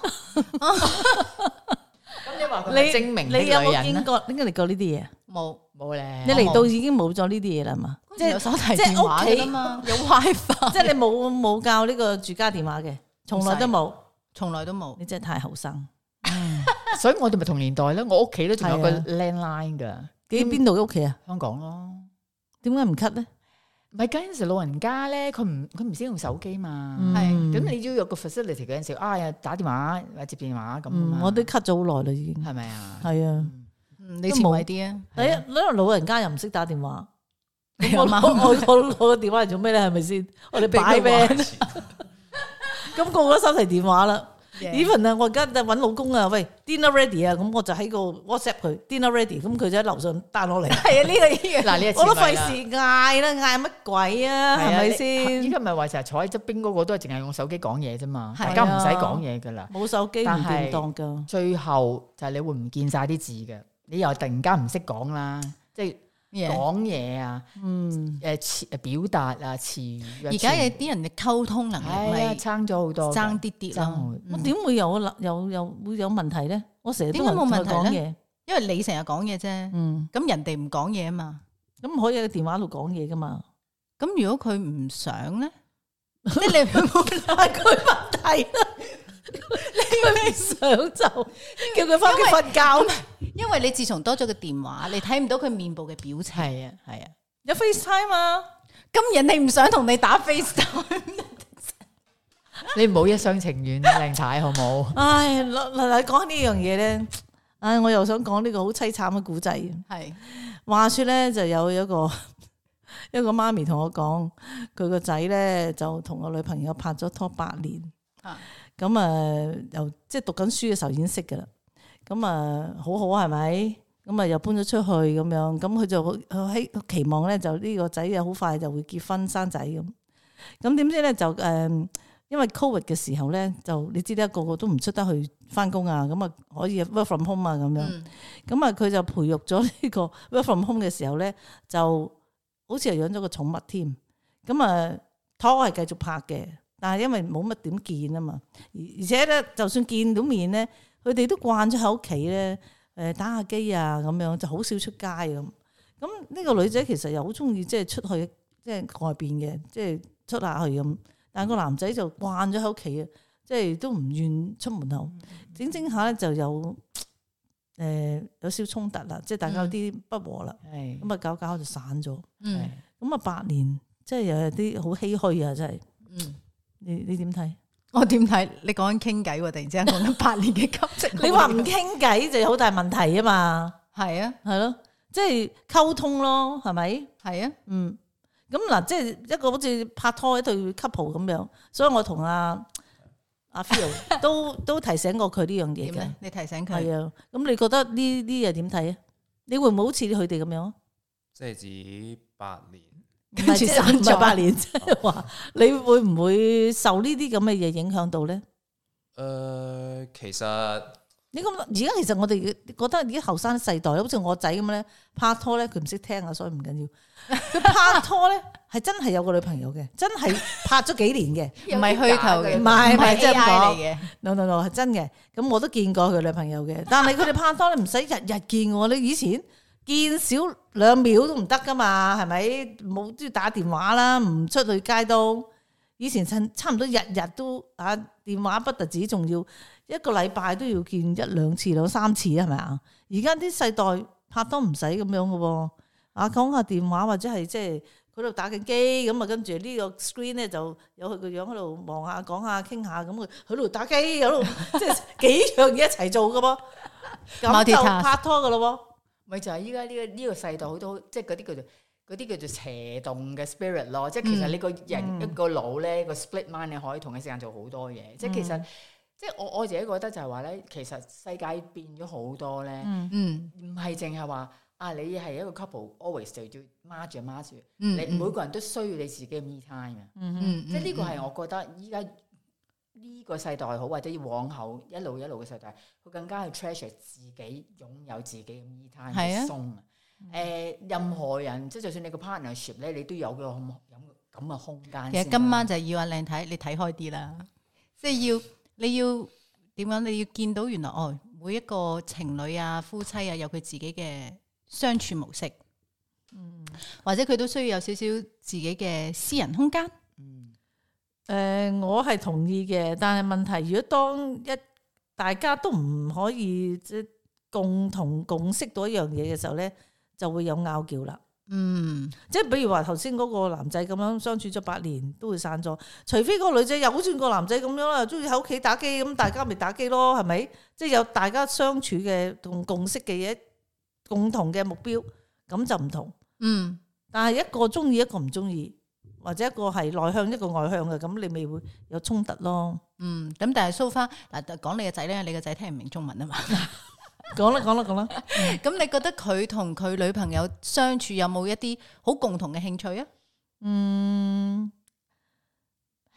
咁你話佢係精明嘅女人啦。你有冇見過？點解你講呢啲嘢？冇。冇咧，你嚟到已經冇咗呢啲嘢啦嘛，即係有手提電話啊嘛，有 WiFi，即係你冇冇教呢個住家電話嘅，從來都冇，從來都冇，你真係太後生。所以我哋咪同年代咧，我屋企都仲有個 landline 噶。你邊度嘅屋企啊？香港咯。點解唔 cut 咧？唔係嗰陣時老人家咧，佢唔佢唔識用手機嘛。係咁，你要有個 facility 嗰陣時，哎呀打電話或者接電話咁。我都 cut 咗好耐啦，已經係咪啊？係啊。你前位啲啊！哎呀，因為老人家又唔識打電話，我我我攞個電話嚟做咩咧？係咪先？我哋擺咩？咁我攞收提電話啦。Even 啊，我而家就搵老公啊，喂，Dinner ready 啊，咁我就喺個 WhatsApp 佢 Dinner ready，咁佢就喺樓上 down 落嚟。係啊，呢個。嗱，你我都費事嗌啦，嗌乜鬼啊？係咪先？依家唔係話成日坐喺側邊嗰個都係淨係用手機講嘢啫嘛，大家唔使講嘢噶啦，冇手機唔掂當噶。最後就係你會唔見晒啲字嘅。你又突然間唔識講啦，即係講嘢啊，嗯，誒詞誒表達啊，詞語。而家有啲人嘅溝通能力係啊，差咗好多，差啲啲啦。我點會有有有會有問題咧？我成日點解冇問題咧？因為你成日講嘢啫，嗯，咁人哋唔講嘢嘛，咁可以喺電話度講嘢噶嘛。咁如果佢唔想咧，即 你唔會拉佢問題。 你唔想就叫佢翻屋企瞓覺咪？因為你自從多咗個電話，你睇唔到佢面部嘅表情啊，係啊，有 FaceTime 啊，今日你唔想同你打 FaceTime， 你唔好一廂情願，靚仔好唔好？唉，嗱嗱講呢樣嘢咧，唉，我又想講呢個好淒慘嘅古仔，係是，話說咧就有一個一個媽咪同我講，佢個仔咧就同個女朋友拍咗拖八年啊。咁啊，又、呃、即係讀緊書嘅時候已經識噶啦，咁、嗯、啊好好係咪？咁啊、嗯、又搬咗出去咁樣，咁佢就喺期望咧，就呢個仔啊好快就會結婚生仔咁。咁點知咧就誒、呃，因為 Covid 嘅時候咧，就你知一個個都唔出得去翻工啊，咁啊可以 work from home 啊咁樣，咁啊佢就培育咗呢個 work from home 嘅時候咧，就好似係養咗個寵物添。咁、嗯、啊拖係繼續拍嘅。但係因為冇乜點見啊嘛，而而且咧，就算見到面咧，佢哋都慣咗喺屋企咧，誒、呃、打下機啊咁樣，就好少出街咁。咁呢個女仔其實又好鍾意即係出去，即係外邊嘅，即係出下去咁。但個男仔就慣咗喺屋企啊，即係都唔願出門口。嗯、整整下咧就有誒、呃、有少衝突啦，即係大家有啲不和啦。咁啊、嗯，就搞搞就散咗。咁啊、嗯，八年即係又有啲好唏噓啊，真係。嗯嗯你你點睇？我點睇？你講緊傾偈，突然之間講緊八年嘅感情，你話唔傾偈就有好大問題啊嘛？係啊，係咯、啊，即係溝通咯，係咪？係啊，嗯，咁嗱，即係一個好似拍拖一對 couple 咁樣，所以我同阿阿 Phil 都 都，都提醒過佢呢樣嘢嘅。你提醒佢係啊？咁你覺得呢啲嘢點睇啊？你會唔會好似佢哋咁樣？即係指八年。跟住生咗八年，即係話你會唔會受呢啲咁嘅嘢影響到咧？誒，其實你咁而家，其實我哋覺得而家後生世代好似我仔咁咧，拍拖咧，佢唔識聽啊，所以唔緊要。拍拖咧係真係有個女朋友嘅，真係拍咗幾年嘅，唔係虛構嘅，唔係唔係即係講，no no no 係真嘅。咁我都見過佢女朋友嘅，但係佢哋拍拖咧唔使日日見我，你以前。見少兩秒都唔得噶嘛，係咪？冇都要打電話啦，唔出去街都。以前差唔多日日都啊，電話不特止，仲要一個禮拜都要見一兩次、兩三次，係咪啊？而家啲世代拍拖唔使咁樣噶喎，啊講下電話或者係即係佢度打緊機咁啊，跟住呢個 screen 咧就有佢個樣喺度望下、講下、傾下咁，佢喺度打機，喺度即係幾樣嘢一齊做噶噃，咁就拍拖噶咯喎。咪就係依家呢個呢個世代好多即係嗰啲叫做嗰啲叫做斜動嘅 spirit 咯，即係其實你個人一個腦咧個 split mind 你可以同一時間做好多嘢，即係其實即係我我自己覺得就係話咧，其實世界變咗好多咧，唔係淨係話啊你係一個 couple always 就要 match 嘅 match，你每個人都需要你自己嘅 me time 啊，即係呢個係我覺得依家。呢個世代好，或者要往後一路一路嘅世代，佢更加要 treasure 自己擁有自己嘅、e。e 啊，鬆、呃、任何人，即係就算你個 partnership 咧，你都有個咁咁嘅空間。其實今晚就係要阿靚睇，你睇開啲啦，嗯、即係要你要點樣？你要見到原來哦，每一個情侶啊、夫妻啊，有佢自己嘅相處模式，嗯，或者佢都需要有少少自己嘅私人空間。誒，我係同意嘅，但係問題，如果當一大家都唔可以即共同共識到一樣嘢嘅時候咧，就會有拗撬啦。嗯，即係比如話頭先嗰個男仔咁樣相處咗八年都會散咗，除非個女仔又好似個男仔咁樣啦，中意喺屋企打機咁，大家咪打機咯，係咪？即係有大家相處嘅同共識嘅嘢，共同嘅目標，咁就唔同。嗯，但係一個中意，一個唔中意。或者一個係內向，一個外向嘅，咁你咪會有衝突咯。嗯，咁但係 so far 嗱，講你個仔咧，你個仔聽唔明中文啊嘛。講啦，講啦，講啦。咁你覺得佢同佢女朋友相處有冇一啲好共同嘅興趣啊？嗯，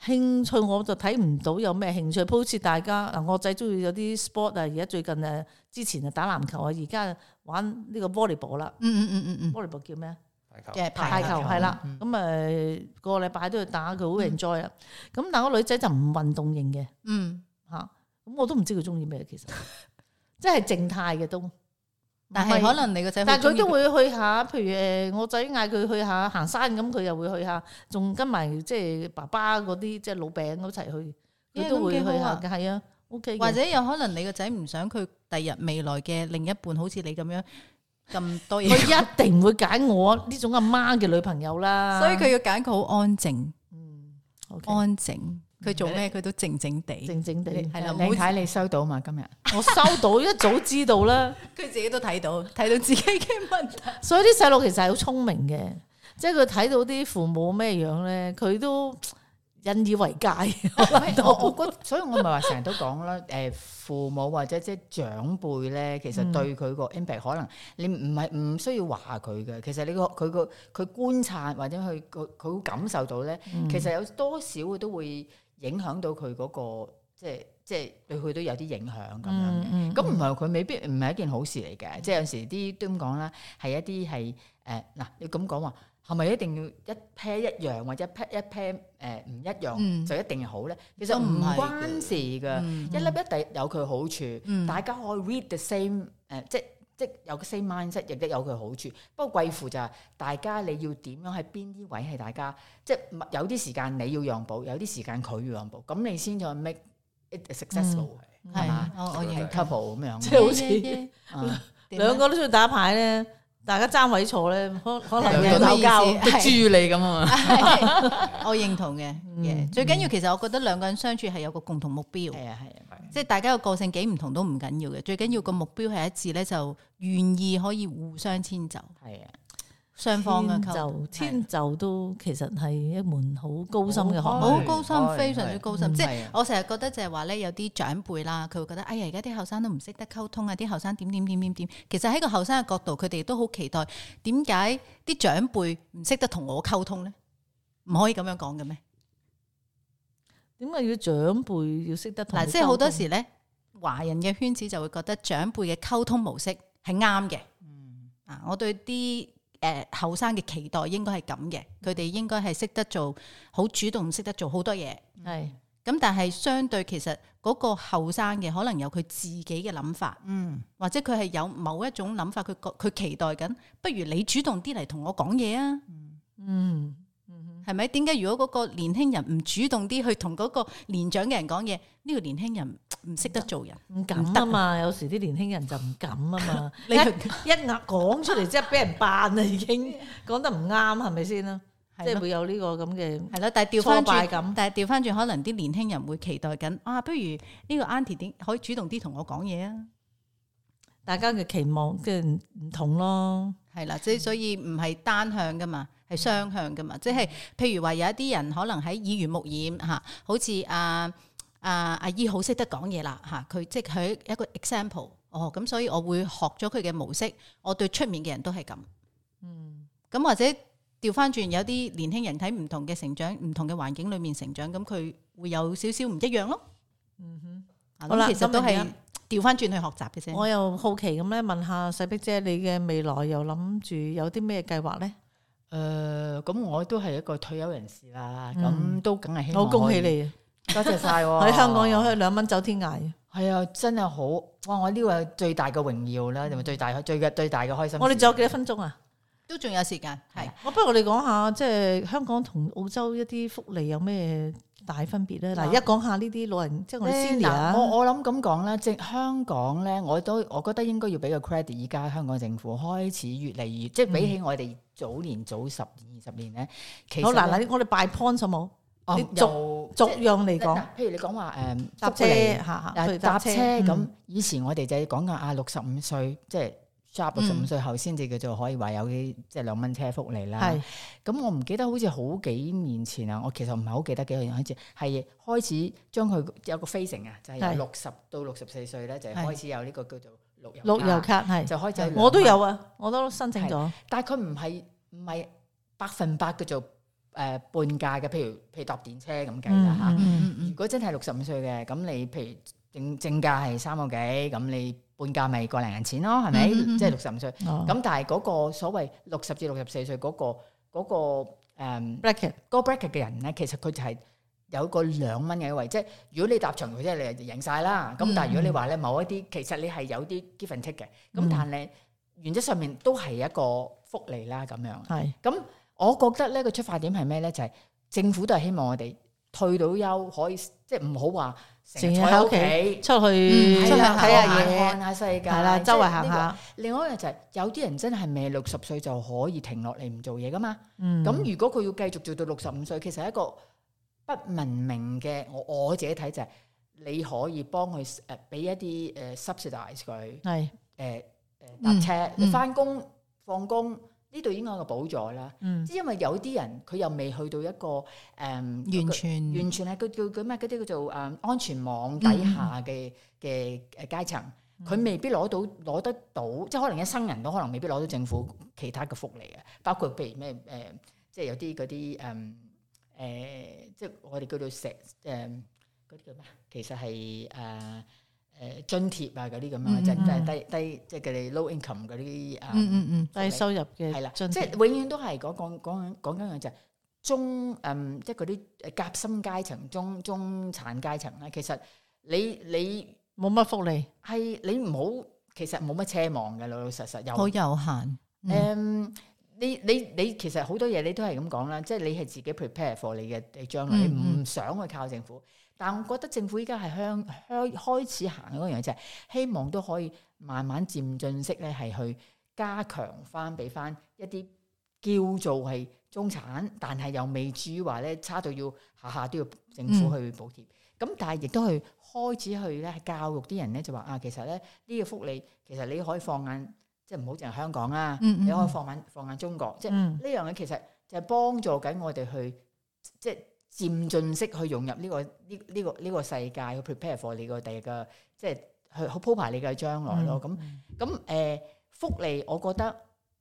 興趣我就睇唔到有咩興趣。好似大家嗱，我仔中意有啲 sport 啊，而家最近誒之前誒打籃球啊，而家玩呢個 volleyball 啦，嗯。嗯嗯嗯嗯嗯。嗯、volleyball 叫咩？嘅，排球係啦，咁誒個禮拜都要打，佢好 enjoy 啊。咁但係我女仔就唔運動型嘅，嗯吓，咁我都唔知佢中意咩？其實，即係靜態嘅都。但係可能你個仔，但係佢都會去下，譬如誒，我仔嗌佢去下行山，咁佢又會去下，仲跟埋即係爸爸嗰啲即係老餅一齊去，佢都會去下，係啊，ok。或者有可能你個仔唔想佢第日未來嘅另一半好似你咁樣。咁多嘢，佢一定會揀我呢種阿媽嘅女朋友啦。所以佢要揀佢好安靜，嗯 Okay.，安靜。佢做咩佢都靜靜地，靜靜地係啦。你睇的你收到嘛？今日 我收到，一早知道啦。佢 自己都睇到，睇到自己嘅問題。所以啲細路其實係好聰明嘅，即係佢睇到啲父母咩樣咧，佢都。引以為戒，我 我覺，所以我咪話成日都講啦。誒，父母或者即係長輩咧，嗯，其實對佢個 impact 可能你唔係唔需要話佢嘅，其實你個佢個佢觀察或者去佢佢會感受到咧，嗯、其實有多少都會影響到佢嗰，嗰個即係即係對佢都有啲影響咁樣。咁唔係佢未必唔係一件好事嚟嘅，嗯、即係有時啲都咁講啦，係一啲係誒嗱，你咁講話。係咪一定要一 pair 一樣或者一 pair 一 pair 誒唔一樣就、嗯、一定係好咧？其實唔關事嘅，嗯、一粒一粒有佢好處，嗯、大家可以 read the same 誒、呃，即即有個 same mindset 亦都有佢好處。不過貴乎就係大家你要點樣喺邊啲位？係大家即有啲時間你要讓步，有啲時間佢讓步，咁你先再 make it successful 係嘛？哦、嗯，我係 couple 咁樣，即、yep. okay. 好似兩個都出去打牌咧。大家爭位坐咧，可能 可能有咩意思？逼住你咁啊！的 我認同嘅，嗯、yeah, 最緊要其實、嗯、我覺得兩個人相處係有個共同目標。係啊，係啊，即係大家個個性幾唔同都唔緊要嘅，最緊要個目標係一致咧，就願意可以互相遷就。係啊的。雙方嘅就遷就都其實係一門好高深嘅學問，好對高深，對非常之高深。對即係是我成日覺得就係話咧，有啲長輩啦，佢會覺得，哎呀，而家啲後生都唔識得溝通啊！啲後生點點點點點，其實喺個後生嘅角度，佢哋都好期待。點解啲長輩唔識得同我溝通咧？唔可以咁樣講嘅咩？點解要長輩要識得溝通？嗱，即係好多時咧，華人嘅圈子就會覺得長輩嘅溝通模式係啱嘅。啊、嗯，我對啲。誒後生嘅期待應該係咁嘅，佢哋、嗯、應該係識得做，好主動識得做好多嘢。係、嗯，咁但係相對其實嗰個後生嘅可能有佢自己嘅諗法，嗯，或者佢係有某一種諗法，佢覺佢期待緊，不如你主動啲嚟同我講嘢啊，嗯。係咪？點解如果嗰個年輕人唔主動啲去同嗰個年長嘅人講嘢？呢個年輕人唔識得做人，唔敢得嘛！有時啲年輕人就唔敢啊嘛！你一壓講出嚟，即係俾人扮啊！已經講得唔啱，係咪先啦？即係會有呢個咁嘅係啦。但係調翻轉，但係調翻轉，可能啲年輕人會期待緊啊！不如呢個 aunty 點可以主動啲同我講嘢啊？大家嘅期望即係唔同咯。係啦，即係所以唔係單向噶嘛。雙向噶嘛，即係譬如話有一啲人可能喺耳濡目染吓，好似阿阿阿姨好識得講嘢啦吓，佢即係佢一個 example 哦，咁所以我會學咗佢嘅模式，我對出面嘅人都係咁，嗯，咁或者調翻轉有啲年輕人喺唔同嘅成長、唔同嘅環境裏面成長，咁佢會有少少唔一樣咯，嗯哼，好啦，其實都係調翻轉去學習嘅啫。我又好奇咁咧，問下細碧姐，你嘅未來又諗住有啲咩計劃咧？誒咁，呃、我都係一個退休人士啦，咁都梗係希望，好恭喜你，多謝晒喺 香港有兩蚊走天涯，係 啊，真係好哇！我呢個係最大嘅榮耀啦，你咪最大最嘅最大嘅開心。我哋仲有幾多分鐘啊？都仲有時間，係。的我不如我哋講下即係，就是，香港同澳洲一啲福利有咩大分別咧，嗱，一講下呢啲老人，即係我哋先啦。我我諗咁講啦，即香港咧，我都我覺得應該要俾個 credit。而家香港政府開始越嚟越，即係比起我哋早年早十年二十年咧。好難嗱，我哋拜 point 有冇？哦，逐逐樣嚟講，譬如你講話誒搭車搭車咁，以前我哋就係講緊啊六十五歲即係。六十五歲後先至叫做可以話有啲即係兩蚊車福利啦。咁是我唔記得好似好幾年前啊，我其實唔係好記得幾耐，好似係開始將佢有個飛程啊，就係六十到六十四歲咧就係開始有呢個叫做綠油綠油卡，係是就開始。我都有啊，我都申請咗，但係佢唔係唔係百分百叫做誒、呃、半價嘅，譬如譬如搭電車咁計啦吓。嗯嗯嗯嗯，如果真係六十五歲嘅，咁你譬如正正價係三個幾，咁你。半價咪過零銀錢咯，係咪？即係六十五歲。咁但係嗰個所謂六十至六十四歲嗰個嗰個誒，bracket、go bracket 嘅人咧，其實佢就係有一個兩蚊嘅優惠。即係如果你搭長途車，即係你就贏晒啦。咁但係如果你話咧某一啲，其實你係有啲 gifted 嘅。咁但係原則上面都係一個福利啦，咁樣。係。咁我覺得咧個出發點係咩咧？就係政府都係希望我哋退到休可以，即係唔好話。成日喺屋企，出去、嗯、出嚟睇下嘢，看下走世界，係啦，周圍行下。另外就係、是，有啲人真係未六十歲就可以停落嚟唔做嘢噶嘛。咁、嗯、如果佢要繼續做到六十五歲，其實係一個不文明嘅。我我自己睇就係，你可以幫佢誒，俾一啲誒 subsidise 佢，係誒誒搭車，你翻工放工。嗯呢度應該有個補助啦，即係因為有啲人佢又未去到一個誒、嗯全，完全完全係叫叫叫咩嗰啲叫做誒安全網底下嘅嘅誒階層，佢、嗯、未必攞到攞得到，即係可能一生人都可能未必攞到政府其他嘅福利啊，包括譬如咩誒、呃，即係有啲嗰啲誒誒，即係我哋叫做石，誒嗰啲叫咩，其實係誒。呃誒，津貼啊嗰啲咁樣，即係低低，即係佢哋 low income 嗰啲啊，低收入嘅，係啦，即係永遠都係講講講講緊嘅就係中誒，即係嗰啲夾心階層、中中產階層啦。其實你你冇乜福利，係你唔好，其實冇乜奢望嘅，老老實實又好有限。誒，你你你其實好多嘢你都係咁講啦，即係你係自己 prepare for 你嘅你將來，你唔想去靠政府。但係，我覺得政府依家係香開開始行嗰樣嘢，就係希望都可以慢慢漸進式咧，係去加強翻俾翻一啲叫做係中產，但係又未至於話咧差到要下下都要政府去補貼。咁、嗯、但係亦都去開始去咧教育啲人咧，就話啊，其實咧呢、這個福利，其實你可以放眼即係唔好淨係香港啊，嗯嗯你可以放眼放眼中國，嗯、即係呢樣嘢其實就係幫助緊我哋去即係。漸進式去融入呢、這個呢呢、這個呢、這個世界去 prepare for 你個第二個即係去好鋪排你嘅將來咯，咁咁誒福利我覺得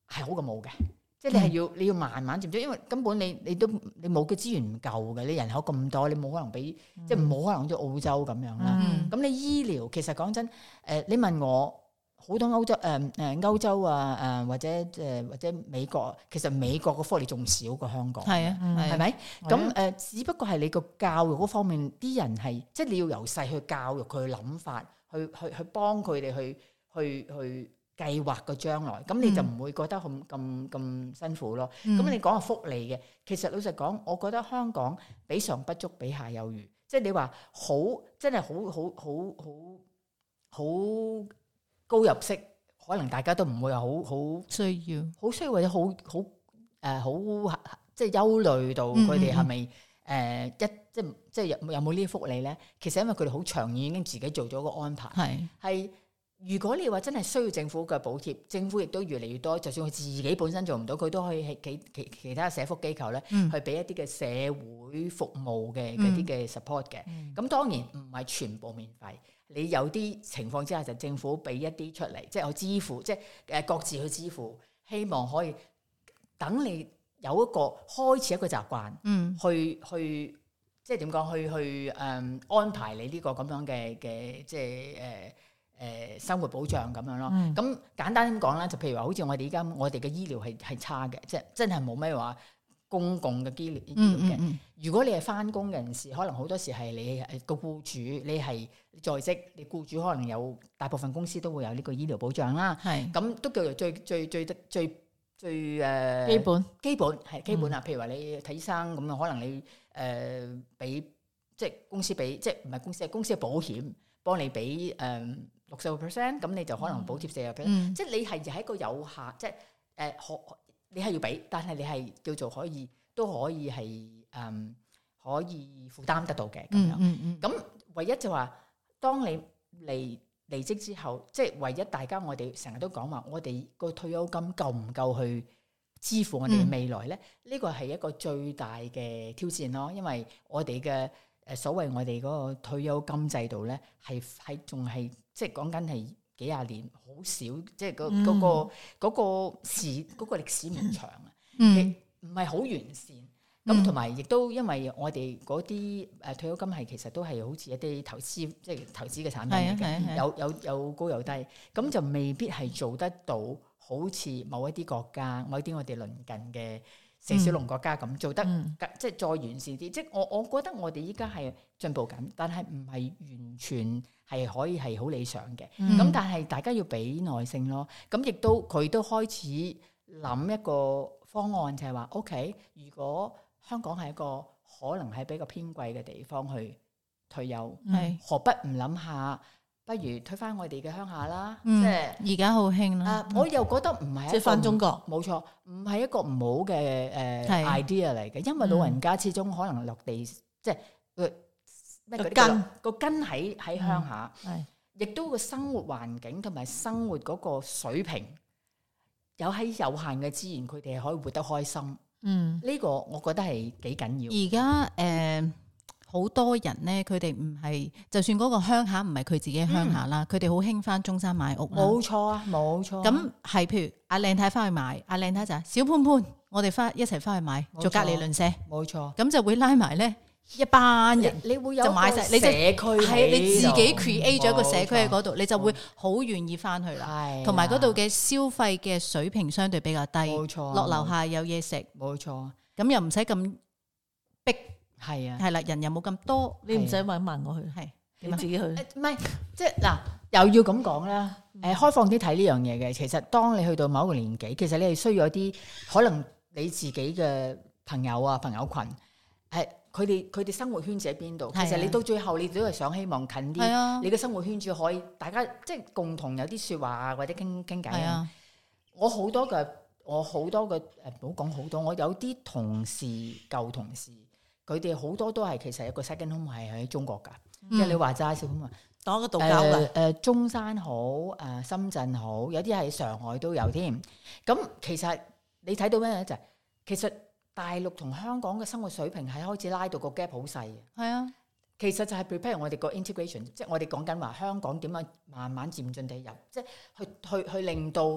係好過冇嘅，嗯、即係你係要你要慢慢漸進，因為根本你你都你冇嘅資源唔夠嘅，你人口咁多，你冇可能俾、嗯、即係冇可能好似澳洲咁樣啦。咁、嗯、你醫療其實講真，誒、呃、你問我。好多歐洲誒誒歐洲啊誒或者誒或者美國，其實美國個福利仲少過香港，係啊，係咪？咁誒，只不過係你個教育嗰方面，啲人係即係你要由細去教育佢嘅諗法，去去去幫佢哋去去去計劃個將來，咁你就唔會覺得咁咁咁辛苦咯。咁你講個福利嘅，其實老實講，我覺得香港比上不足，比下有餘，即係你話好真係好好好好好。高入息可能大家都唔會好好需要，好需要或者好好誒好即係憂慮到佢哋係咪誒一即係即係有有冇呢啲福利咧？其實因為佢哋好長遠已經自己做咗個安排，係係、嗯、如果你話真係需要政府嘅補貼，政府亦都越嚟越多，就算佢自己本身做唔到，佢都可以係幾其其、其他社福機構咧、嗯、去俾一啲嘅社會服務嘅嗰啲嘅 support 嘅，咁當然唔係全部免費。你有啲情況之下就政府俾一啲出嚟，即係我支付，即係誒各自去支付，希望可以等你有一個開始一個習慣、嗯，嗯，去去即係點講？去去誒安排你呢個咁樣嘅嘅即係誒誒生活保障咁樣咯。咁、嗯、簡單咁講啦，就譬如話好似我哋而家我哋嘅醫療係係差嘅，即係真係冇咩話。公共嘅醫療醫療嘅，如果你係返工嘅人士，可能好多時係你個僱主，你係在職，你僱主可能有大部分公司都會有呢個醫療保障啦。係咁是都叫做最最最最最誒、呃、基本基本係基本啦。譬、嗯、如話你睇醫生咁樣，可能你誒俾、呃、即係公司俾，即係唔係公司係公司嘅保險幫你俾誒六十六 percent，咁你就可能補貼四十幾、嗯。即係你係一個有限，即係誒可。呃你係要俾，但係你係叫做可以，都可以係誒、嗯，可以負擔得到嘅咁樣。咁、嗯嗯嗯、唯一就話、是，當你離離職之後，即係唯一大家我哋成日都講話，我哋個退休金夠唔夠去支付我哋嘅未來咧？呢、嗯、個係一個最大嘅挑戰咯，因為我哋嘅誒所謂我哋嗰個退休金制度咧，係係仲係即係講緊係。幾廿年，好少，即係、那個嗰、嗯那個嗰、那個時、那個、歷史，歷史唔長啊，亦唔係好完善。咁同埋，亦都因為我哋嗰啲誒退休金係，其實都係好似一啲投資，即係投資嘅產品嚟嘅，嗯、有有有高有低，咁、嗯、就未必係做得到，好似某一啲國家、某一啲我哋鄰近嘅四小龍國家咁、嗯嗯、做得即係再完善啲。即係我我，我覺得我哋依家係。進步緊，但係唔係完全係可以係好理想嘅。咁、嗯、但係大家要俾耐性咯。咁亦都佢都開始諗一個方案，就係、是、話：OK，如果香港係一個可能係比較偏貴嘅地方去退休，是何不唔諗下？不如退返我哋嘅鄉下、嗯、即啦。即係而家好興啦。啊，我又覺得唔係即係返中國，冇錯，唔係一個唔好嘅誒、呃、是 idea 嚟嘅。因為老人家始終可能落地，嗯、即係咩？個根個根喺喺鄉下，亦都個生活環境同埋生活嗰個水平，有喺有限嘅資源，佢哋係可以活得開心。嗯，呢個我覺得係幾緊要。而家誒，好多人咧，佢哋唔係就算嗰個鄉下唔係佢自己鄉下啦，佢哋好興翻中山買屋。冇錯啊，冇錯。咁係，譬如阿靚太翻去買，阿靚太就小潘潘，我哋翻一齊翻去買做隔籬鄰舍。冇錯，咁就會拉埋咧。一班人，你會有就買曬，你就係你自己 create 咗一個社區喺嗰度，你就會好願意翻去啦。係，同埋嗰度嘅消費嘅水平相對比較低。冇錯，落樓下有嘢食。冇錯，咁又唔使咁逼。係啊，係啦，人又冇咁多，你唔使問一問我去，係你自己去？唔係，即係嗱，又要咁講啦。誒，開放啲睇呢樣嘢嘅，其實當你去到某一個年紀，其實你係需要一啲可能你自己嘅朋友啊、朋友群。誒。佢哋佢哋生活圈子喺邊度？其實你到最後、啊、你都係想希望近啲，啊、你嘅生活圈子可以大家即係共同有啲説話或者傾傾偈。我好多嘅我好多嘅誒，唔好講好多。我有啲同事舊同事，佢哋好多都係其實一個 second home 係喺中國㗎。嗯、即係你話齋小潘啊，多到夠㗎。誒、呃呃、中山好，誒、呃、深圳好，有啲喺上海都有添。咁其實你睇到咩咧？就係其實。大陸同香港嘅生活水平係開始拉到個 gap 好細嘅，係啊，其實就係 prepare 我哋個 integration，即係我哋講緊話香港點樣慢慢漸進地入，即係去去去令到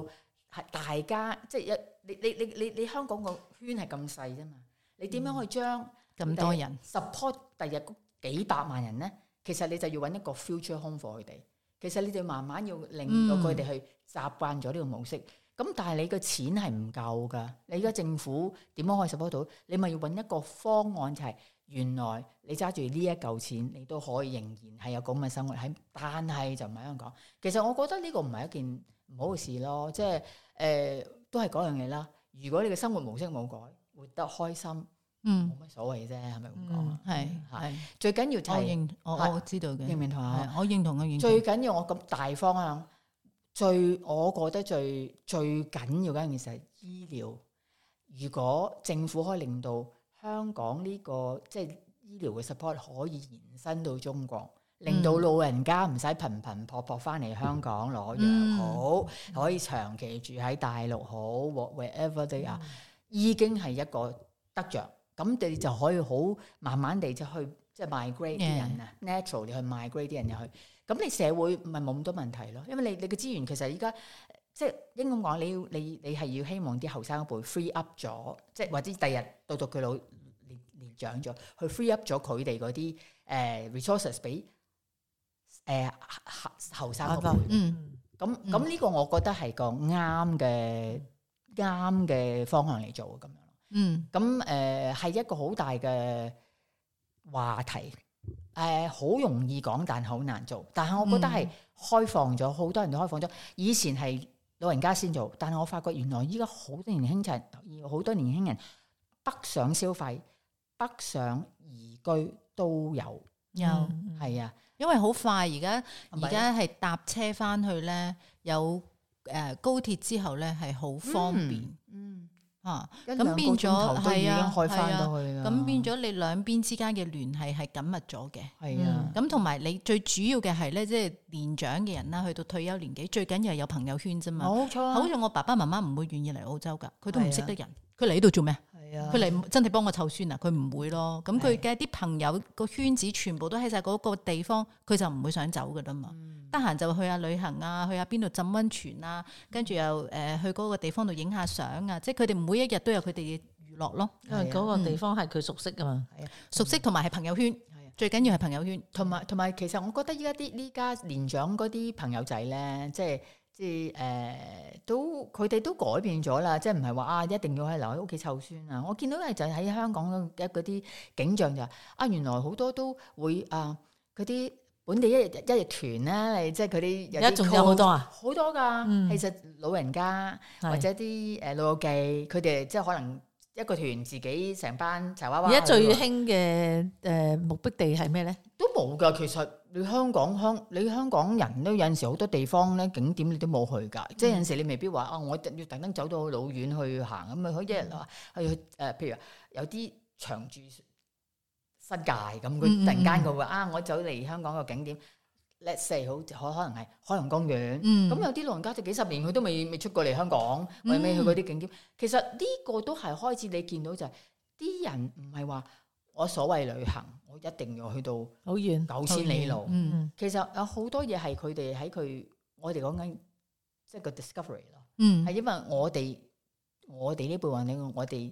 係大家即係一你你你你你，你香港個圈係咁細啫嘛，你點樣去將咁、嗯、多人第 support 第日幾百萬人咧？其實你就要揾一個 future home for 佢哋，其實你哋慢慢要令到佢哋去習慣咗呢個模式。嗯咁但係你嘅錢係唔夠噶，你而家政府點樣可以 support 到？你咪要揾一個方案，就係原來你揸住呢一嚿錢，你都可以仍然係有咁嘅生活喺。但係就唔係香港。其實我覺得呢個唔係一件唔好嘅事咯。即係誒，都係嗰樣嘢啦。如果你嘅生活模式冇改，活得開心，嗯，冇乜所謂啫。係咪咁講啊？係係，最緊要就係我認我，我知道嘅認唔同啊？我認同啊，認同。最緊要我咁大方向。最我覺得最最緊要嘅一件事係醫療。如果政府可以令到香港呢、這個即係、就是、醫療嘅 support 可以延伸到中國，嗯、令到老人家唔使頻頻撲撲翻嚟香港攞、嗯、藥好，嗯、可以長期住喺大陸好，wherever they are，嗯、已經係一個得著。咁你就可以好慢慢地即去即係、就是、migrate 啲人啊、嗯、natural 去 migrate 啲人入去。咁你社會唔係冇咁多問題咯，因為你你嘅資源其實依家即係應咁講，你要你你係要希望啲後生一輩 free up 咗，即係或者第日到到佢老年年長咗，去 free up 咗佢哋嗰啲誒 resources 俾誒後後生一輩。嗯，咁咁呢個我覺得係個啱嘅啱嘅方向嚟做咁樣咯。嗯，咁誒係一個好大嘅話題。誒好、呃、容易講，但好難做。但係我覺得係開放咗，好多人都開放咗。以前係老人家先做，但係我發覺原來依家好多年輕人，好多年輕人北上消費、北上移居都有。有係、嗯、啊，因為好快而家而家係搭車翻去咧，有誒、呃、高鐵之後咧係好方便。嗯嗯。啊，咁變咗係啊，咁變咗你兩邊之間嘅聯繫係緊密咗嘅，係啊，咁同埋你最主要嘅係咧，即係年長嘅人啦，去到退休年紀，最緊要係有朋友圈啫嘛，冇錯啊，好似我爸爸媽媽唔會願意嚟澳洲㗎，佢都唔識得人，佢嚟呢度做咩？佢嚟真係幫我湊孫啊！佢唔會咯，咁佢嘅啲朋友個圈子全部都喺晒嗰個地方，佢就唔會想走噶啦嘛。得閒、嗯、就去下旅行啊，去下邊度浸温泉啊，跟住又誒去嗰個地方度影下相啊，即係佢哋每一日都有佢哋嘅娛樂咯。因為嗰個地方係佢熟悉噶嘛，嗯、熟悉同埋係朋友圈，最緊要係朋友圈。同埋同埋，其實我覺得依家啲呢家年長嗰啲朋友仔呢，即係。即係誒，都佢哋都改變咗啦，即係唔係話啊一定要係留喺屋企湊孫啊。我見到嘅就係喺香港嘅嗰啲景象就係、啊，原來好多都會啊啲本地一日一日團咧，即係佢啲，而仲有好多好、啊、多㗎。嗯、其實老人家是或者啲誒、呃、老友記，佢哋即係可能一個團自己成班柴娃娃。而家最興嘅誒目的地係咩咧？冇噶，其實你香港香，你香港人都有陣時好多地方咧景點你都冇去噶，嗯、即係有陣時你未必話啊、哦，我要特登走到老遠去行咁啊，佢一人話去誒，譬如有啲長住新界咁，佢突然間佢話啊，我走嚟香港個景點、嗯、let's say 好可可能係海洋公園，咁、嗯、有啲老人家就幾十年佢都未未出過嚟香港，為、嗯、未去過嗰啲景點。其實呢個都係開始你見到就係、是、啲人唔係話。我所謂旅行，我一定要去到好遠九千里路。嗯、其實有好多嘢係佢哋喺佢，我哋講緊即係個 discovery 咯、嗯。係因為我哋我哋呢輩話你，我哋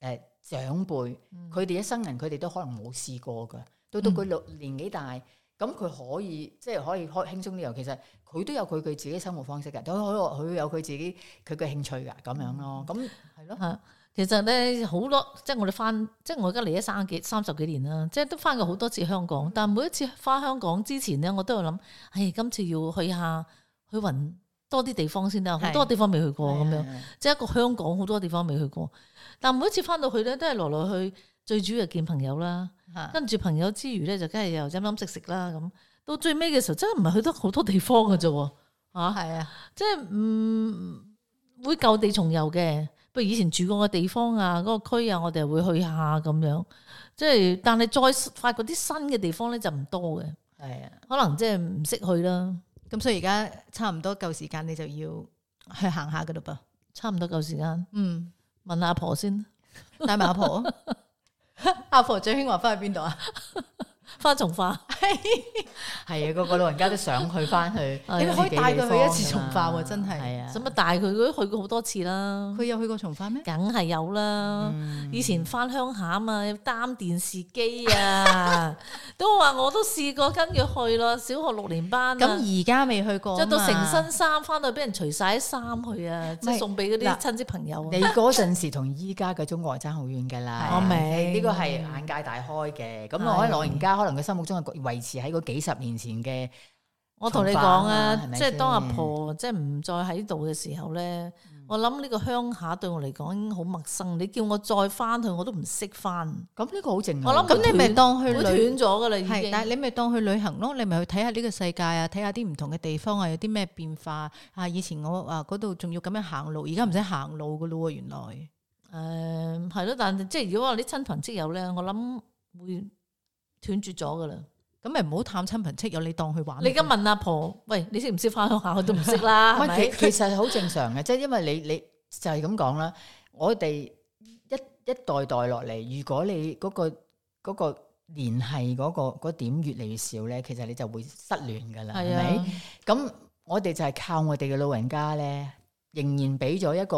誒長輩，佢哋、嗯、一生人，佢哋都可能冇試過噶。到到佢老年紀大，咁佢可以即係、就是、可以開輕鬆啲遊。其實佢都有佢佢自己生活方式嘅，佢佢有佢自己佢嘅興趣噶咁樣咯。咁係咯嚇。啊。其實咧，好多即係我哋翻，即係我而家嚟咗三幾三十幾年啦，即係都翻過好多次香港。但係每一次翻香港之前咧，我都有諗，係、哎，今次要去下，去云多啲地方先得，好多地方未去過咁是樣。的即係一個香港，好多地方未去過。但係每一次翻到去咧，都係來來去，最主要係見朋友啦。的跟住朋友之餘咧，就梗係又飲飲食食啦。咁到最尾嘅時候，真係唔係去得好多地方嘅啫。吓的，係啊，即係唔、嗯、會舊地重遊嘅。不過以前住過嘅地方啊，嗰個區啊，我哋會去下咁樣，即係但係再發覺啲新嘅地方咧就唔多嘅，係啊的，可能即係唔識去啦。咁所以而家差唔多夠時間，你就要去行下噶啦噃，差唔多夠時間。嗯，問阿婆先，帶埋阿婆， 阿婆最興話翻去邊度啊？ 翻從化係啊，個個老人家都想去翻去。你可以帶佢去一次從化喎，真係。咁啊，帶佢我都去過好多次啦。佢有去過從化咩？梗係有啦。以前翻鄉下啊要擔電視機啊，都話我都試過跟佢去咯。小學六年班。咁而家未去過。著到成身衫翻去，俾人除晒啲衫去啊！即係送俾嗰啲親戚朋友。你嗰陣時同依家嘅中國爭好遠㗎啦。我明呢個係眼界大開嘅。咁我喺老人家。可能佢心目中係維持喺嗰幾十年前嘅，我同你講啊，是是即係當阿婆即係唔再喺度嘅時候咧，嗯、我諗呢個鄉下對我嚟講已經好陌生。你叫我再翻去，我都唔識翻。咁呢個好正常。我諗咁你咪當去，好斷咗噶啦，係，但係你咪當去旅行咯。你咪去睇下呢個世界啊，睇下啲唔同嘅地方啊，有啲咩變化啊？以前我啊嗰度仲要咁樣行路，而家唔使行路噶啦，原來誒係咯。但係即係如果話啲親朋戚友咧，我諗會。斷絕咗噶啦，咁咪唔好探親朋戚友，你當去玩。你而家問阿婆，喂，你識唔識翻學校？我都唔識啦，係 其實好正常嘅，即係 因為你，你就係咁講啦。我哋一一代代落嚟，如果你嗰、嗰個嗰、嗰個聯繫嗰個嗰、嗰個、點越嚟越少咧，其實你就會失聯噶啦，係咪、啊？咁我哋就係靠我哋嘅老人家咧，仍然俾咗一個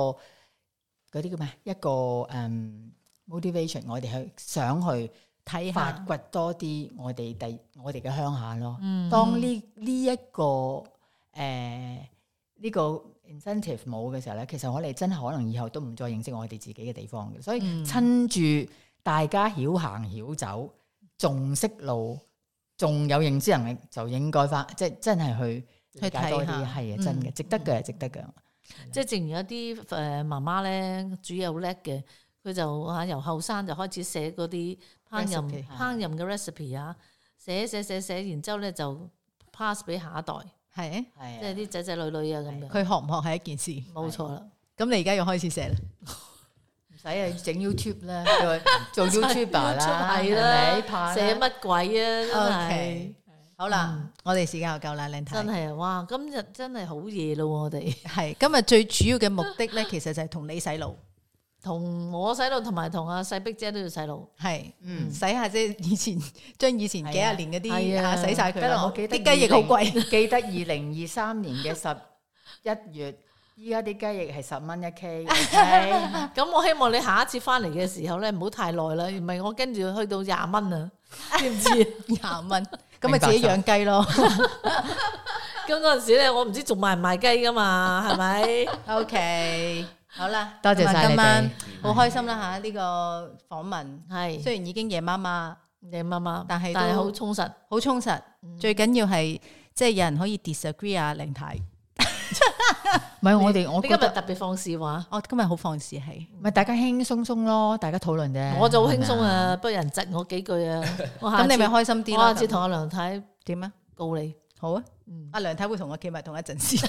嗰啲叫咩？一個誒、um, motivation，我哋去想去。睇發掘多啲我哋第，我哋嘅鄉下咯。嗯、當呢呢一個誒呢、呃呢個 incentive 冇嘅時候咧，其實我哋真係可能以後都唔再認識我哋自己嘅地方嘅。所以、嗯、趁住大家曉行曉走，仲識路，仲有認知能力，就應該翻即係真係去去睇多啲。係啊，真嘅，值得嘅、嗯、值得嘅。得，嗯、的即係正如一啲誒、呃、媽媽咧煮嘢好叻嘅。佢就吓由後生就開始寫嗰啲烹飪烹飪嘅 recipe 啊，寫寫寫寫，然之後咧就 pass 俾下一代，係係即係啲仔仔女女啊咁樣。佢學唔學係一件事，冇錯啦。咁你而家又開始寫啦，唔使啊，整 YouTube 啦，做 YouTuber 啦，寫乜鬼啊？OK 好啦，我哋時間又夠啦，靚太真係啊！哇，今日真係好夜咯，我哋係今日最主要嘅目的咧，其實就係同你洗腦。同我細路同埋同阿細碧姐都要細路，係，洗下啫。以前將以前幾廿年嗰啲嘢呀洗晒佢，我記得啲雞翼好貴。記得二零二三年嘅十一月，依家啲雞翼係十蚊一 k。咁我希望你下一次翻嚟嘅時候咧，唔好太耐啦，唔係我跟住去到廿蚊啊，知唔知？廿蚊，咁咪自己養雞咯。咁嗰陣時咧，我唔知仲賣唔賣雞噶嘛，係咪？OK。好啦，多謝晒今晚好開心啦吓，呢個訪問係雖然已經夜麻麻夜麻麻，但係但係好充實，好充實，最緊要係即係有人可以 disagree 啊，梁太，唔係我哋我今日特別放肆話，我今日好放肆係，咪大家輕鬆鬆咯，大家討論啫，我就好輕鬆啊，不過人窒我幾句啊，咁你咪開心啲咯，我下次同阿梁太點啊，告你好啊，阿梁太會同我企埋同一陣先。